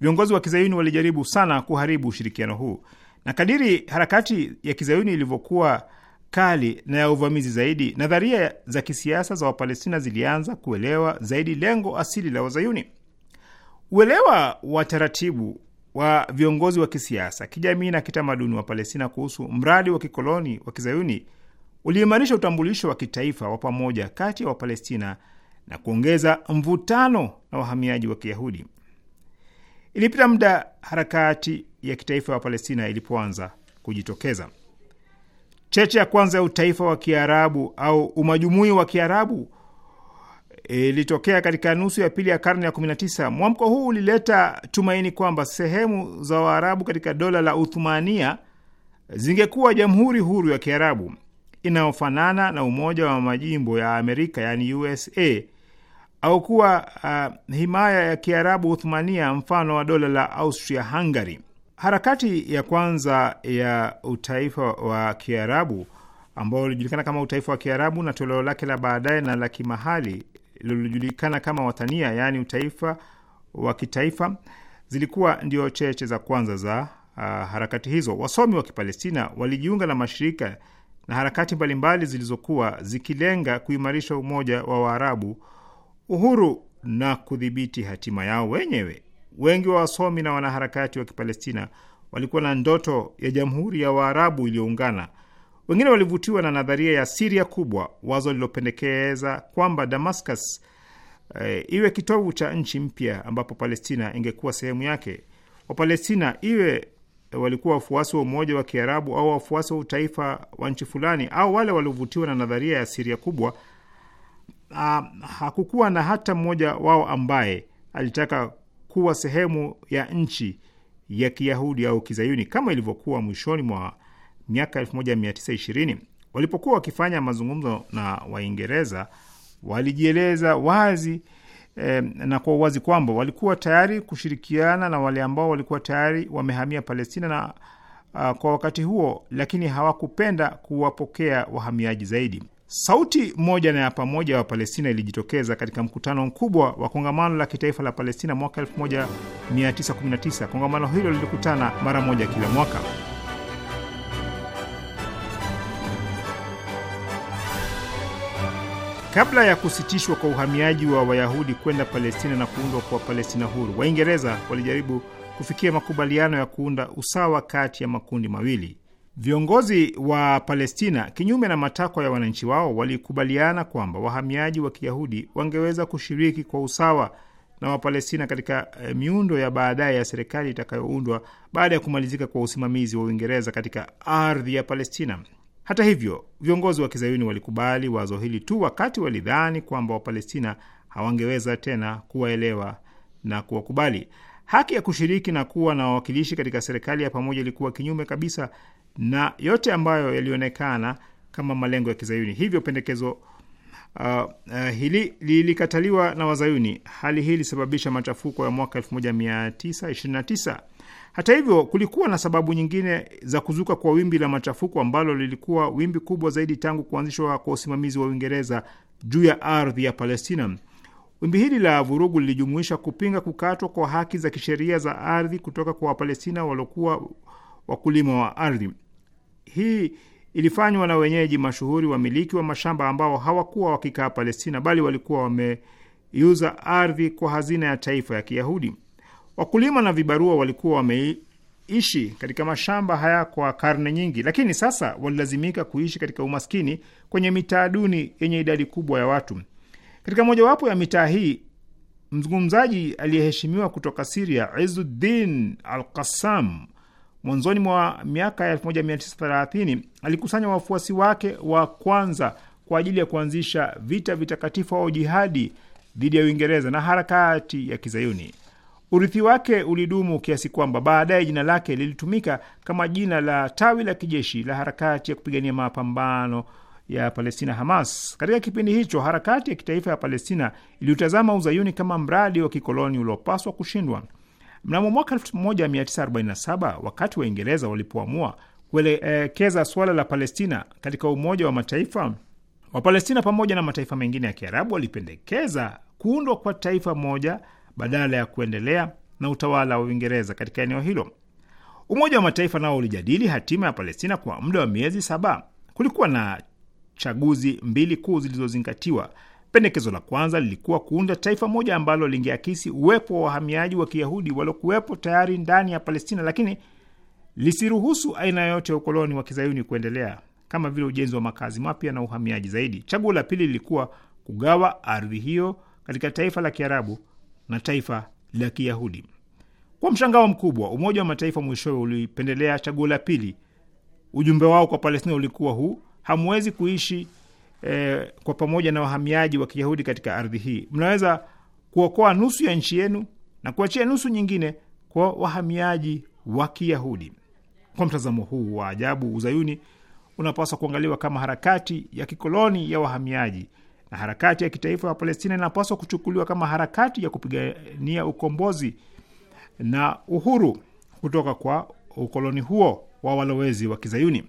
Viongozi wa kizayuni walijaribu sana kuharibu ushirikiano huu, na kadiri harakati ya kizayuni ilivyokuwa kali na ya uvamizi zaidi, nadharia za kisiasa za Wapalestina zilianza kuelewa zaidi lengo asili la Wazayuni. Uelewa wa taratibu wa viongozi wa kisiasa, kijamii na kitamaduni wa Palestina kuhusu mradi wa kikoloni wa kizayuni uliimarisha utambulisho wa kitaifa wa pamoja kati ya Wapalestina na kuongeza mvutano na wahamiaji wa Kiyahudi. Ilipita muda harakati ya kitaifa ya Palestina ilipoanza kujitokeza. Cheche ya kwanza ya utaifa wa Kiarabu au umajumui wa Kiarabu e, ilitokea katika nusu ya pili ya karne ya 19. Mwamko huu ulileta tumaini kwamba sehemu za Waarabu katika dola la Uthumania zingekuwa jamhuri huru ya Kiarabu inayofanana na Umoja wa Majimbo ya Amerika, yaani USA, au kuwa uh, himaya ya Kiarabu Uthmania, mfano wa dola la Austria Hungary. Harakati ya kwanza ya utaifa wa Kiarabu ambao ulijulikana kama utaifa wa Kiarabu na toleo lake la baadaye na la kimahali lililojulikana kama Watania, yaani utaifa wa kitaifa, zilikuwa ndio cheche za kwanza za uh, harakati hizo. Wasomi wa Kipalestina walijiunga na mashirika na harakati mbalimbali zilizokuwa zikilenga kuimarisha umoja wa Waarabu uhuru na kudhibiti hatima yao wenyewe. Wengi wa wasomi na wanaharakati wa Kipalestina walikuwa na ndoto ya jamhuri ya Waarabu iliyoungana. Wengine walivutiwa na nadharia ya Siria kubwa, wazo lilopendekeza kwamba Damascus eh, iwe kitovu cha nchi mpya ambapo Palestina ingekuwa sehemu yake. Wapalestina iwe eh, walikuwa wafuasi wa umoja wa Kiarabu au wafuasi wa utaifa wa nchi fulani au wale waliovutiwa na nadharia ya Siria kubwa uh, hakukuwa na hata mmoja wao ambaye alitaka kuwa sehemu ya nchi ya Kiyahudi au Kizayuni kama ilivyokuwa mwishoni mwa miaka 1920 walipokuwa wakifanya mazungumzo na Waingereza walijieleza wazi eh, na kwa uwazi kwamba walikuwa tayari kushirikiana na wale ambao walikuwa tayari wamehamia Palestina na uh, kwa wakati huo, lakini hawakupenda kuwapokea wahamiaji zaidi. Sauti moja na ya pamoja wa Palestina ilijitokeza katika mkutano mkubwa wa kongamano la kitaifa la Palestina mwaka 1919. Kongamano hilo lilikutana mara moja kila mwaka. Kabla ya kusitishwa kwa uhamiaji wa Wayahudi kwenda Palestina na kuundwa kwa Palestina huru, Waingereza walijaribu kufikia makubaliano ya kuunda usawa kati ya makundi mawili. Viongozi wa Palestina, kinyume na matakwa ya wananchi wao, walikubaliana kwamba wahamiaji wa Kiyahudi wangeweza kushiriki kwa usawa na Wapalestina katika eh, miundo ya baadaye ya serikali itakayoundwa baada ya kumalizika kwa usimamizi wa Uingereza katika ardhi ya Palestina. Hata hivyo, viongozi wa Kizayuni walikubali wazo hili tu wakati walidhani kwamba Wapalestina hawangeweza tena kuwaelewa na kuwakubali. Haki ya kushiriki na kuwa na wawakilishi katika serikali ya pamoja ilikuwa kinyume kabisa na yote ambayo yalionekana kama malengo ya Kizayuni. Hivyo pendekezo uh, uh, hili lilikataliwa na Wazayuni. Hali hii ilisababisha machafuko ya mwaka 1929. Hata hivyo, kulikuwa na sababu nyingine za kuzuka kwa wimbi la machafuko ambalo lilikuwa wimbi kubwa zaidi tangu kuanzishwa kwa usimamizi wa Uingereza juu ya ardhi ya Palestina. Wimbi hili la vurugu lilijumuisha kupinga kukatwa kwa haki za kisheria za ardhi kutoka kwa Wapalestina waliokuwa wakulima wa ardhi. Hii ilifanywa na wenyeji mashuhuri, wamiliki wa mashamba ambao hawakuwa wakikaa Palestina, bali walikuwa wameiuza ardhi kwa hazina ya taifa ya Kiyahudi. Wakulima na vibarua walikuwa wameishi katika mashamba haya kwa karne nyingi, lakini sasa walilazimika kuishi katika umaskini kwenye mitaa duni yenye idadi kubwa ya watu. Katika mojawapo ya mitaa hii mzungumzaji aliyeheshimiwa kutoka Siria Izuddin Al Qassam Mwanzoni mwa miaka ya 1930 alikusanya wafuasi wake wa kwanza kwa ajili ya kuanzisha vita vitakatifu au jihadi dhidi ya Uingereza na harakati ya Kizayuni. Urithi wake ulidumu kiasi kwamba baadaye jina lake lilitumika kama jina la tawi la kijeshi la harakati ya kupigania mapambano ya Palestina, Hamas. Katika kipindi hicho, harakati ya kitaifa ya Palestina iliutazama uzayuni kama mradi wa kikoloni uliopaswa kushindwa. Mnamo mwaka 1947 wakati Waingereza walipoamua kuelekeza suala la Palestina katika Umoja wa Mataifa, Wapalestina pamoja na mataifa mengine ya Kiarabu walipendekeza kuundwa kwa taifa moja badala ya kuendelea na utawala wa Uingereza katika eneo hilo. Umoja wa Mataifa nao ulijadili hatima ya Palestina kwa muda wa miezi saba. Kulikuwa na chaguzi mbili kuu zilizozingatiwa, Pendekezo la kwanza lilikuwa kuunda taifa moja ambalo lingeakisi uwepo wa wahamiaji wa Kiyahudi waliokuwepo tayari ndani ya Palestina, lakini lisiruhusu aina yoyote ya ukoloni wa kizayuni kuendelea, kama vile ujenzi wa makazi mapya na uhamiaji zaidi. Chaguo la pili lilikuwa kugawa ardhi hiyo katika taifa la Kiarabu na taifa la Kiyahudi. Kwa mshangao mkubwa, Umoja wa Mataifa mwishowe ulipendelea chaguo la pili. Ujumbe wao kwa Palestina ulikuwa huu: hamwezi kuishi eh, kwa pamoja na wahamiaji wa Kiyahudi katika ardhi hii. Mnaweza kuokoa nusu ya nchi yenu na kuachia nusu nyingine kwa wahamiaji wa Kiyahudi. Kwa mtazamo huu wa ajabu, uzayuni unapaswa kuangaliwa kama harakati ya kikoloni ya wahamiaji na harakati ya kitaifa ya Palestina inapaswa kuchukuliwa kama harakati ya kupigania ukombozi na uhuru kutoka kwa ukoloni huo wa walowezi wa Kizayuni.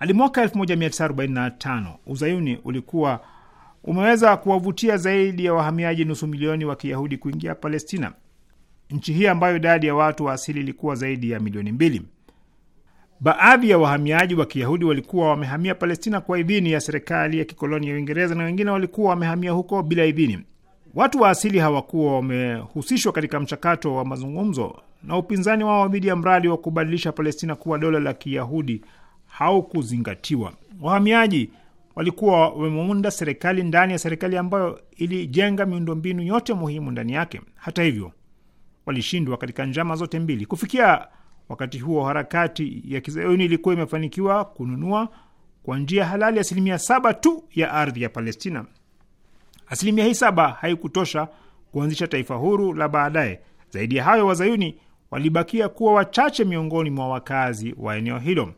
Hadi mwaka 1945 Uzayuni ulikuwa umeweza kuwavutia zaidi ya wahamiaji nusu milioni wa Kiyahudi kuingia Palestina, nchi hii ambayo idadi ya watu wa asili ilikuwa zaidi ya milioni mbili. Baadhi ya wahamiaji wa Kiyahudi walikuwa wamehamia Palestina kwa idhini ya serikali ya kikoloni ya Uingereza na wengine walikuwa wamehamia huko bila idhini. Watu wa asili hawakuwa wamehusishwa katika mchakato wa mazungumzo na upinzani wao dhidi ya mradi wa kubadilisha Palestina kuwa dola la Kiyahudi haukuzingatiwa. Wahamiaji walikuwa wameunda serikali ndani ya serikali ambayo ilijenga miundombinu yote muhimu ndani yake. Hata hivyo, walishindwa katika njama zote mbili. Kufikia wakati huo, harakati ya kizayuni ilikuwa imefanikiwa kununua kwa njia halali asilimia saba tu ya ardhi ya Palestina. Asilimia hii saba haikutosha kuanzisha taifa huru la baadaye. Zaidi ya hayo, wazayuni walibakia kuwa wachache miongoni mwa wakazi wa eneo hilo.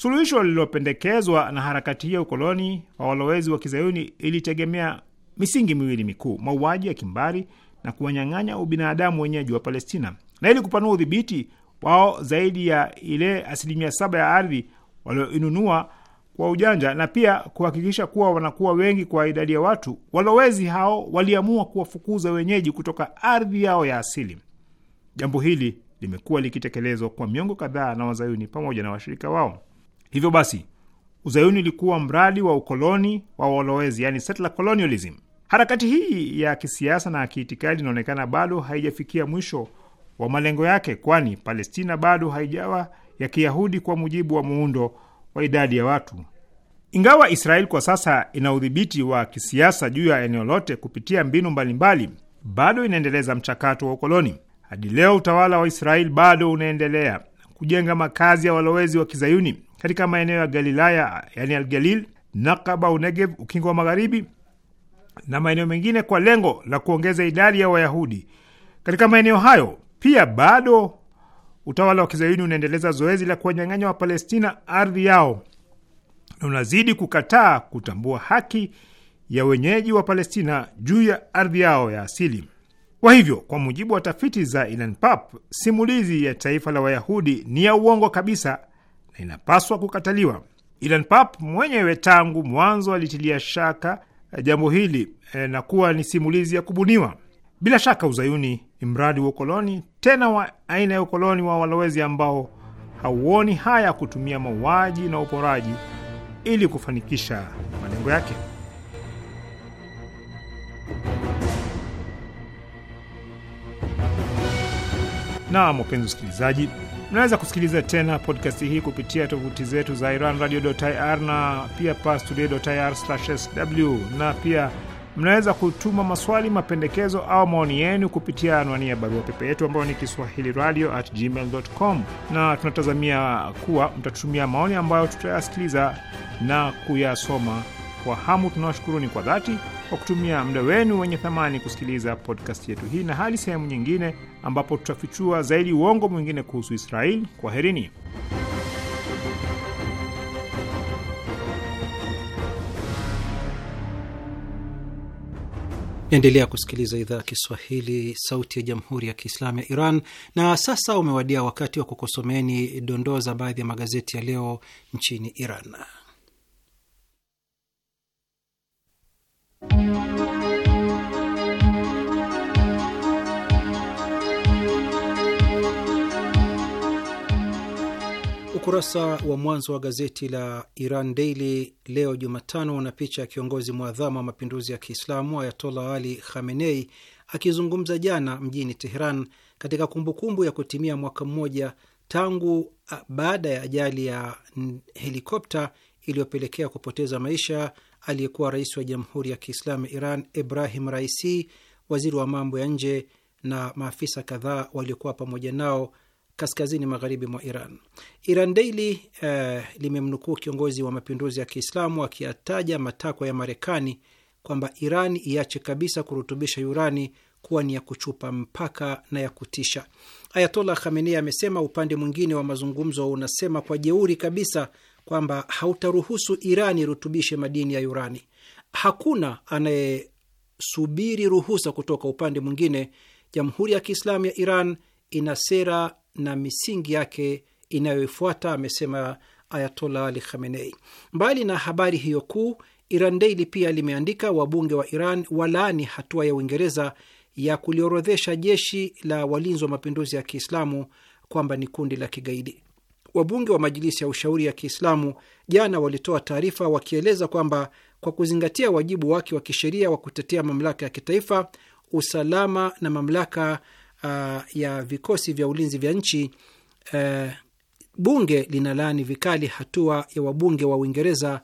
Suluhisho lililopendekezwa na harakati hiyo ukoloni wa walowezi wa kizayuni ilitegemea misingi miwili mikuu: mauaji ya kimbari na kuwanyang'anya ubinadamu wenyeji wa Palestina. Na ili kupanua udhibiti wao zaidi ya ile asilimia saba ya ardhi walioinunua kwa ujanja na pia kuhakikisha kuwa wanakuwa wengi kwa idadi ya watu, walowezi hao waliamua kuwafukuza wenyeji kutoka ardhi yao ya asili. Jambo hili limekuwa likitekelezwa kwa miongo kadhaa na wazayuni pamoja na washirika wao. Hivyo basi uzayuni ulikuwa mradi wa ukoloni wa walowezi, yani settler colonialism. Harakati hii ya kisiasa na kiitikadi inaonekana bado haijafikia mwisho wa malengo yake, kwani Palestina bado haijawa ya Kiyahudi kwa mujibu wa muundo wa idadi ya watu. Ingawa Israel kwa sasa ina udhibiti wa kisiasa juu ya eneo lote kupitia mbinu mbalimbali, bado inaendeleza mchakato wa ukoloni. Hadi leo utawala wa Israel bado unaendelea kujenga makazi ya walowezi wa Kizayuni katika maeneo ya Galilaya, yani Algalil, Nakaba, Unegev, ukingo wa magharibi na maeneo mengine kwa lengo la kuongeza idadi ya Wayahudi katika maeneo hayo. Pia bado utawala wa kizayuni unaendeleza zoezi la kuwanyang'anya Wapalestina ardhi yao na unazidi kukataa kutambua haki ya wenyeji wa Palestina juu ya ardhi yao ya asili. Kwa hivyo, kwa mujibu wa tafiti za Ilan simulizi ya taifa la Wayahudi ni ya uongo kabisa linapaswa kukataliwa. Ilan Pap mwenyewe tangu mwanzo alitilia shaka eh, jambo hili e, na kuwa ni simulizi ya kubuniwa. Bila shaka uzayuni ni mradi wa ukoloni, tena wa aina ya ukoloni wa walowezi ambao hauoni haya kutumia mauaji na uporaji ili kufanikisha malengo yake. Na wapenzi wasikilizaji Mnaweza kusikiliza tena podcast hii kupitia tovuti zetu za iranradio.ir na pia parstoday.ir/sw, na pia mnaweza kutuma maswali, mapendekezo au maoni yenu kupitia anwani ya barua pepe yetu ambayo ni kiswahili radio at gmail.com, na tunatazamia kuwa mtatumia maoni ambayo tutayasikiliza na kuyasoma kwa hamu. Tunawashukuruni kwa dhati kwa kutumia muda wenu wenye thamani kusikiliza podcast yetu hii, na hadi sehemu nyingine ambapo tutafichua zaidi uongo mwingine kuhusu Israeli. Kwaherini. Naendelea kusikiliza idhaa ya Kiswahili, sauti ya jamhuri ya kiislamu ya Iran. Na sasa umewadia wakati wa kukosomeni dondoo za baadhi ya magazeti ya leo nchini Iran. Ukurasa wa mwanzo wa gazeti la Iran Daily leo Jumatano una picha ya kiongozi mwadhamu wa mapinduzi ya Kiislamu Ayatola Ali Khamenei akizungumza jana mjini Teheran katika kumbukumbu ya kutimia mwaka mmoja tangu baada ya ajali ya helikopta iliyopelekea kupoteza maisha aliyekuwa rais wa Jamhuri ya Kiislamu ya Iran Ibrahim Raisi, waziri wa mambo ya nje na maafisa kadhaa waliokuwa pamoja nao kaskazini magharibi mwa Iran. Iran Daily uh, limemnukuu kiongozi wa mapinduzi ya Kiislamu akiyataja matakwa ya Marekani kwamba Iran iache kabisa kurutubisha urani kuwa ni ya kuchupa mpaka na ya kutisha. Ayatollah Khamenei amesema upande mwingine wa mazungumzo unasema kwa jeuri kabisa kwamba hautaruhusu Iran irutubishe madini ya urani. Hakuna anayesubiri ruhusa kutoka upande mwingine. Jamhuri ya Kiislamu ya Iran ina sera na misingi yake inayoifuata, amesema Ayatollah Ali Khamenei. Mbali na habari hiyo kuu, Iran Daily pia limeandika wabunge wa Iran walaani hatua ya Uingereza ya kuliorodhesha jeshi la walinzi wa mapinduzi ya Kiislamu kwamba ni kundi la kigaidi. Wabunge wa Majilisi ya Ushauri ya Kiislamu jana walitoa taarifa wakieleza kwamba kwa kuzingatia wajibu wake wa kisheria wa kutetea mamlaka ya kitaifa, usalama na mamlaka uh, ya vikosi vya ulinzi vya nchi uh, bunge linalaani vikali hatua ya wabunge wa Uingereza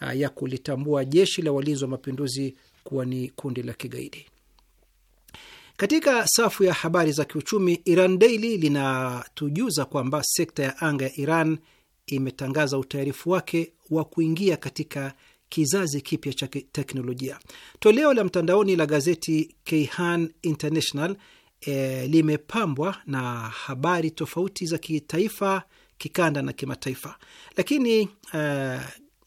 uh, ya kulitambua jeshi la walinzi wa mapinduzi kuwa ni kundi la kigaidi. Katika safu ya habari za kiuchumi, Iran Daily linatujuza kwamba sekta ya anga ya Iran imetangaza utayarifu wake wa kuingia katika kizazi kipya cha teknolojia. Toleo la mtandaoni la gazeti Kayhan International e, limepambwa na habari tofauti za kitaifa, kikanda na kimataifa, lakini e,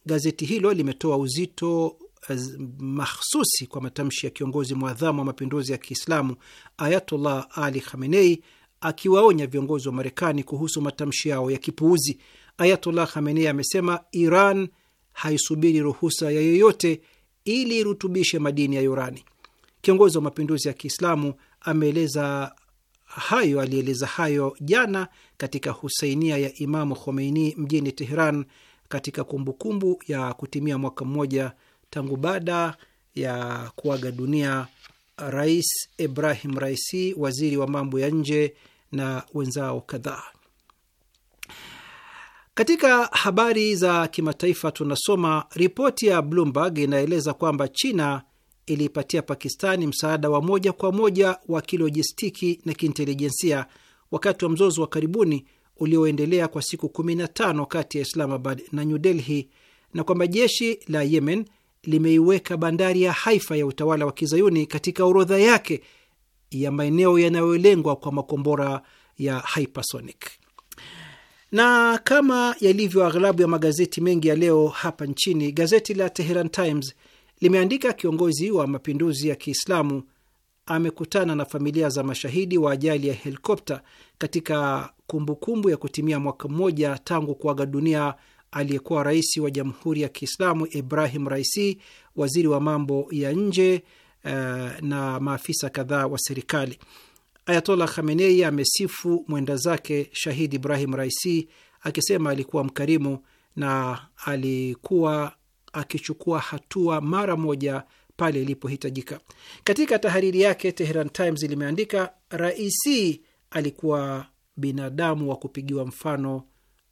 gazeti hilo limetoa uzito eh, mahsusi kwa matamshi ya kiongozi mwadhamu wa mapinduzi ya Kiislamu Ayatullah Ali Khamenei akiwaonya viongozi wa Marekani kuhusu matamshi yao ya kipuuzi. Ayatullah Khamenei amesema Iran haisubiri ruhusa ya yoyote ili irutubishe madini ya urani. Kiongozi wa mapinduzi ya Kiislamu ameeleza hayo, alieleza hayo jana katika husainia ya Imamu Khomeini mjini Teheran, katika kumbukumbu kumbu ya kutimia mwaka mmoja tangu baada ya kuaga dunia Rais Ibrahim Raisi, waziri wa mambo ya nje na wenzao kadhaa. Katika habari za kimataifa tunasoma ripoti ya Bloomberg inaeleza kwamba China iliipatia Pakistani msaada wa moja kwa moja wa kilojistiki na kiintelijensia wakati wa mzozo wa karibuni ulioendelea kwa siku 15 kati ya Islamabad na New Delhi, na kwamba jeshi la Yemen limeiweka bandari ya Haifa ya utawala wa kizayuni katika orodha yake ya maeneo yanayolengwa kwa makombora ya hypersonic. Na kama yalivyo aghlabu ya magazeti mengi ya leo hapa nchini, gazeti la Teheran Times limeandika kiongozi wa mapinduzi ya Kiislamu amekutana na familia za mashahidi wa ajali ya helikopta katika kumbukumbu kumbu ya kutimia mwaka mmoja tangu kuaga dunia aliyekuwa rais wa Jamhuri ya Kiislamu Ibrahim Raisi, waziri wa mambo ya nje eh, na maafisa kadhaa wa serikali. Ayatollah Khamenei amesifu mwenda zake shahidi Ibrahim Raisi akisema alikuwa mkarimu na alikuwa akichukua hatua mara moja pale ilipohitajika. Katika tahariri yake, Tehran Times limeandika, Raisi alikuwa binadamu wa kupigiwa mfano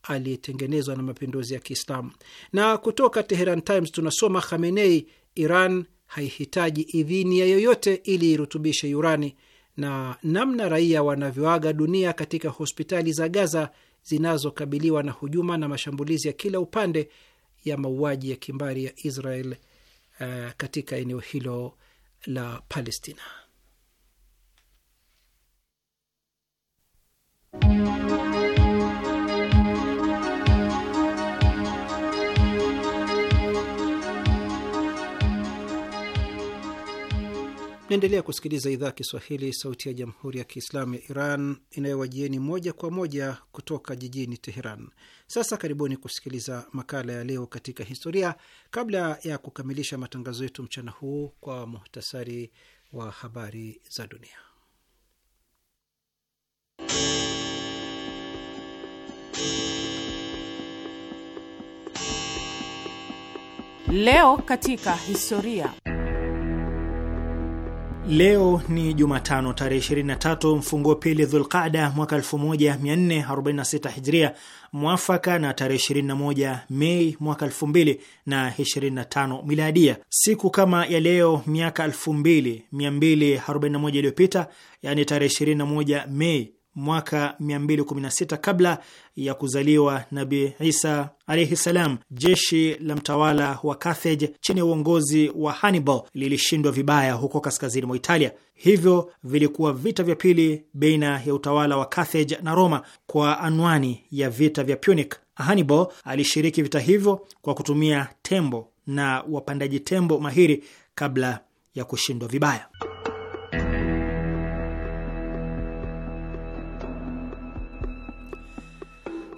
aliyetengenezwa na mapinduzi ya Kiislamu. Na kutoka Teheran Times tunasoma Khamenei, Iran haihitaji idhini ya yoyote ili irutubishe urani, na namna raia wanavyoaga dunia katika hospitali za Gaza zinazokabiliwa na hujuma na mashambulizi ya kila upande ya mauaji ya kimbari ya Israel uh, katika eneo hilo la Palestina. naendelea kusikiliza idhaa Kiswahili sauti ya jamhuri ya Kiislamu ya Iran inayowajieni moja kwa moja kutoka jijini Teheran. Sasa karibuni kusikiliza makala ya leo katika historia, kabla ya kukamilisha matangazo yetu mchana huu kwa muhtasari wa habari za dunia. Leo katika historia Leo ni Jumatano tarehe 23 mfungo pili Dhulqada mwaka 1446 Hijria, mwafaka na tarehe 21 Mei mwaka 2025 Miladia. Siku kama ya leo miaka 2241 iliyopita, yani tarehe 21 Mei mwaka 216 kabla ya kuzaliwa Nabi Isa alaihi salam, jeshi la mtawala wa Carthage chini ya uongozi wa Hannibal lilishindwa vibaya huko kaskazini mwa Italia. Hivyo vilikuwa vita vya pili baina ya utawala wa Carthage na Roma kwa anwani ya vita vya Punic. Hannibal alishiriki vita hivyo kwa kutumia tembo na wapandaji tembo mahiri kabla ya kushindwa vibaya.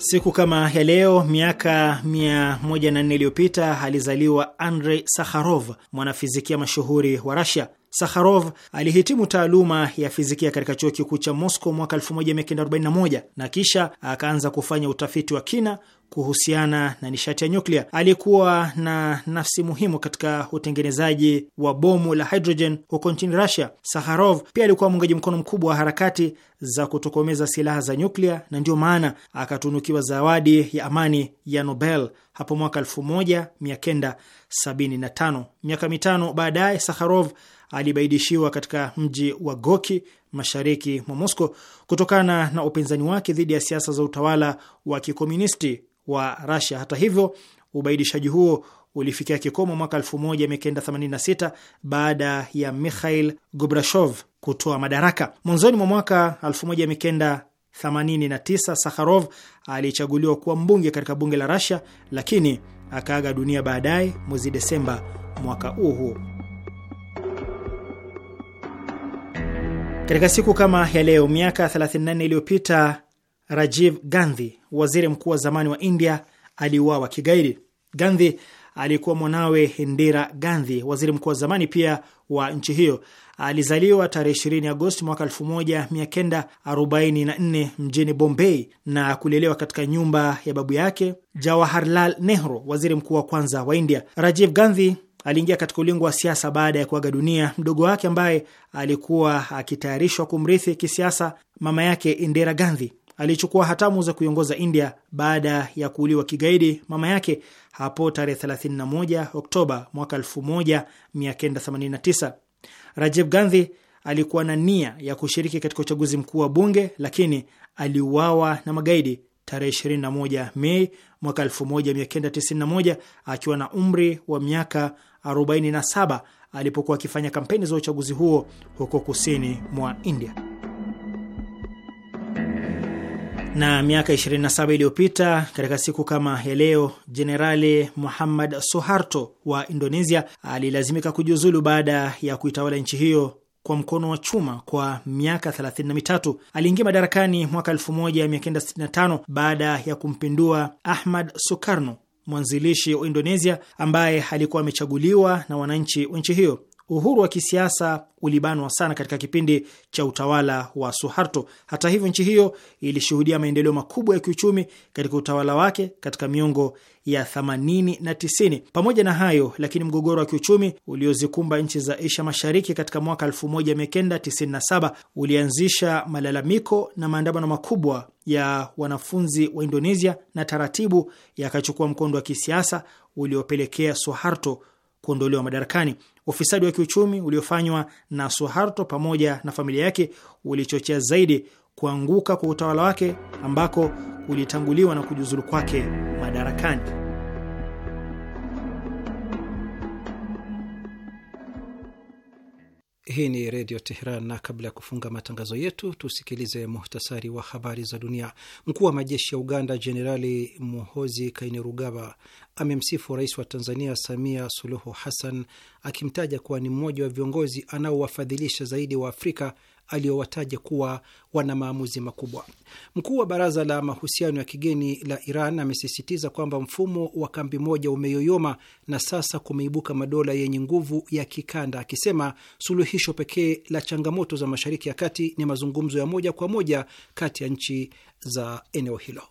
Siku kama ya leo miaka 104 iliyopita alizaliwa Andrei Sakharov, mwanafizikia mashuhuri wa Rasia. Sakharov alihitimu taaluma ya fizikia katika chuo kikuu cha Moscow mwaka 1941 na kisha akaanza kufanya utafiti wa kina kuhusiana na nishati ya nyuklia. Alikuwa na nafsi muhimu katika utengenezaji wa bomu la hidrojen huko nchini Rusia. Sakharov pia alikuwa mwungaji mkono mkubwa wa harakati za kutokomeza silaha za nyuklia na ndiyo maana akatunukiwa zawadi ya amani ya Nobel hapo mwaka 1975. Miaka mitano baadaye Sakharov alibaidishiwa katika mji wa Goki mashariki mwa Moscow kutokana na upinzani wake dhidi ya siasa za utawala wa kikomunisti wa Russia. Hata hivyo, ubaidishaji huo ulifikia kikomo mwaka 1986 baada ya Mikhail Gorbachev kutoa madaraka. Mwanzoni mwa mwaka 1989 Sakharov alichaguliwa kuwa mbunge katika bunge la Russia, lakini akaaga dunia baadaye mwezi Desemba mwaka huo huo. Katika siku kama ya leo miaka 34 iliyopita Rajiv Gandhi, waziri mkuu wa zamani wa India, aliuawa kigaidi. Gandhi alikuwa mwanawe Indira Gandhi, waziri mkuu wa zamani pia wa nchi hiyo. Alizaliwa tarehe 20 Agosti mwaka 1944 mjini Bombay na kulelewa katika nyumba ya babu yake Jawaharlal Nehru, waziri mkuu wa kwanza wa India. Rajiv Gandhi aliingia katika ulingo wa siasa baada ya kuaga dunia mdogo wake ambaye alikuwa akitayarishwa kumrithi kisiasa mama yake Indira Gandhi. Alichukua hatamu za kuiongoza India baada ya kuuliwa kigaidi mama yake hapo tarehe 31 Oktoba mwaka 1989. Rajiv Gandhi alikuwa na nia ya kushiriki katika uchaguzi mkuu wa bunge lakini aliuawa na magaidi tarehe 21 Mei mwaka 1991 akiwa na umri wa miaka 47 alipokuwa akifanya kampeni za uchaguzi huo huko kusini mwa India. Na miaka 27 iliyopita katika siku kama ya leo, Jenerali Muhammad soharto wa Indonesia alilazimika kujiuzulu baada ya kuitawala nchi hiyo kwa mkono wa chuma kwa miaka 33. Aliingia madarakani mwaka 1965 baada ya kumpindua Ahmad Sukarno mwanzilishi wa Indonesia ambaye alikuwa amechaguliwa na wananchi wa nchi hiyo uhuru wa kisiasa ulibanwa sana katika kipindi cha utawala wa Suharto. Hata hivyo, nchi hiyo ilishuhudia maendeleo makubwa ya kiuchumi katika utawala wake katika miongo ya 80 na 90. Pamoja na hayo lakini, mgogoro wa kiuchumi uliozikumba nchi za Asia Mashariki katika mwaka 1997 ulianzisha malalamiko na maandamano makubwa ya wanafunzi wa Indonesia na taratibu yakachukua mkondo wa kisiasa uliopelekea Suharto kuondolewa madarakani. Ufisadi wa kiuchumi uliofanywa na Suharto pamoja na familia yake ulichochea zaidi kuanguka kwa utawala wake ambako ulitanguliwa na kujiuzulu kwake madarakani. Hii ni Redio Teheran, na kabla ya kufunga matangazo yetu tusikilize muhtasari wa habari za dunia. Mkuu wa majeshi ya Uganda Jenerali Muhozi Kainerugaba amemsifu rais wa Tanzania Samia Suluhu Hassan akimtaja kuwa ni mmoja wa viongozi anaowafadhilisha zaidi wa Afrika aliyowataja kuwa wana maamuzi makubwa. Mkuu wa baraza la mahusiano ya kigeni la Iran amesisitiza kwamba mfumo wa kambi moja umeyoyoma na sasa kumeibuka madola yenye nguvu ya kikanda, akisema suluhisho pekee la changamoto za Mashariki ya Kati ni mazungumzo ya moja kwa moja kati ya nchi za eneo hilo.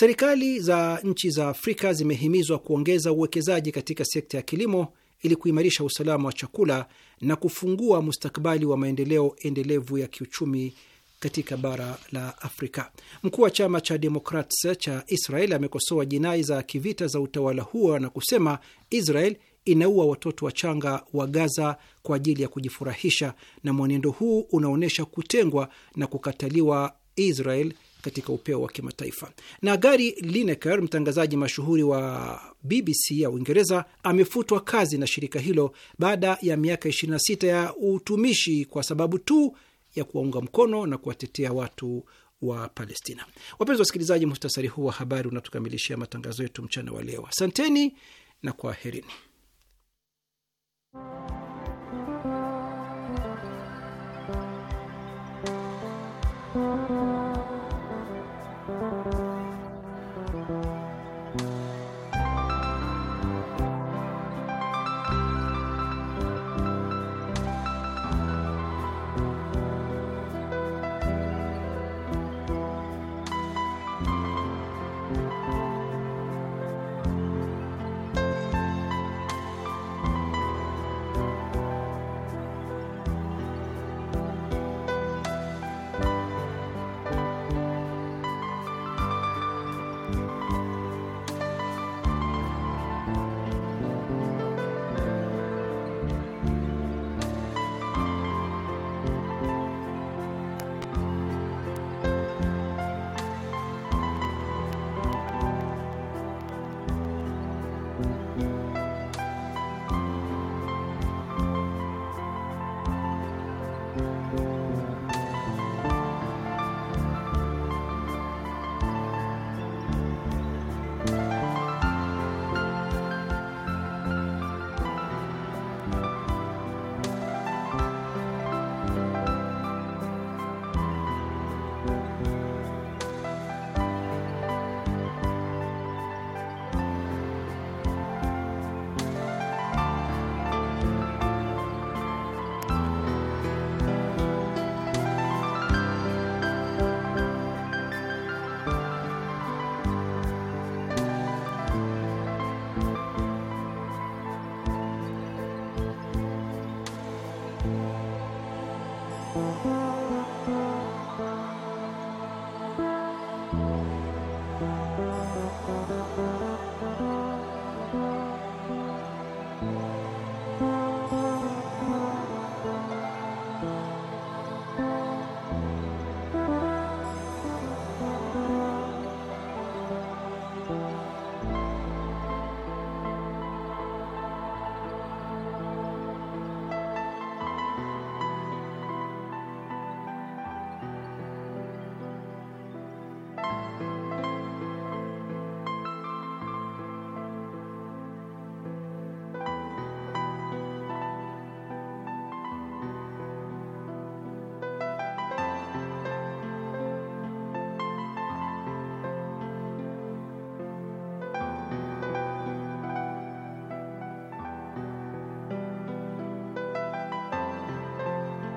Serikali za nchi za Afrika zimehimizwa kuongeza uwekezaji katika sekta ya kilimo ili kuimarisha usalama wa chakula na kufungua mustakabali wa maendeleo endelevu ya kiuchumi katika bara la Afrika. Mkuu wa chama cha Demokrats cha Israel amekosoa jinai za kivita za utawala huo na kusema Israel inaua watoto wachanga wa Gaza kwa ajili ya kujifurahisha, na mwenendo huu unaonyesha kutengwa na kukataliwa Israel katika upeo wa kimataifa. Na Gary Lineker, mtangazaji mashuhuri wa BBC ya Uingereza, amefutwa kazi na shirika hilo baada ya miaka 26 ya utumishi kwa sababu tu ya kuwaunga mkono na kuwatetea watu wa Palestina. Wapenzi wasikilizaji, muhtasari huu wa habari unatukamilishia matangazo yetu mchana wa leo. Asanteni na kwaherini.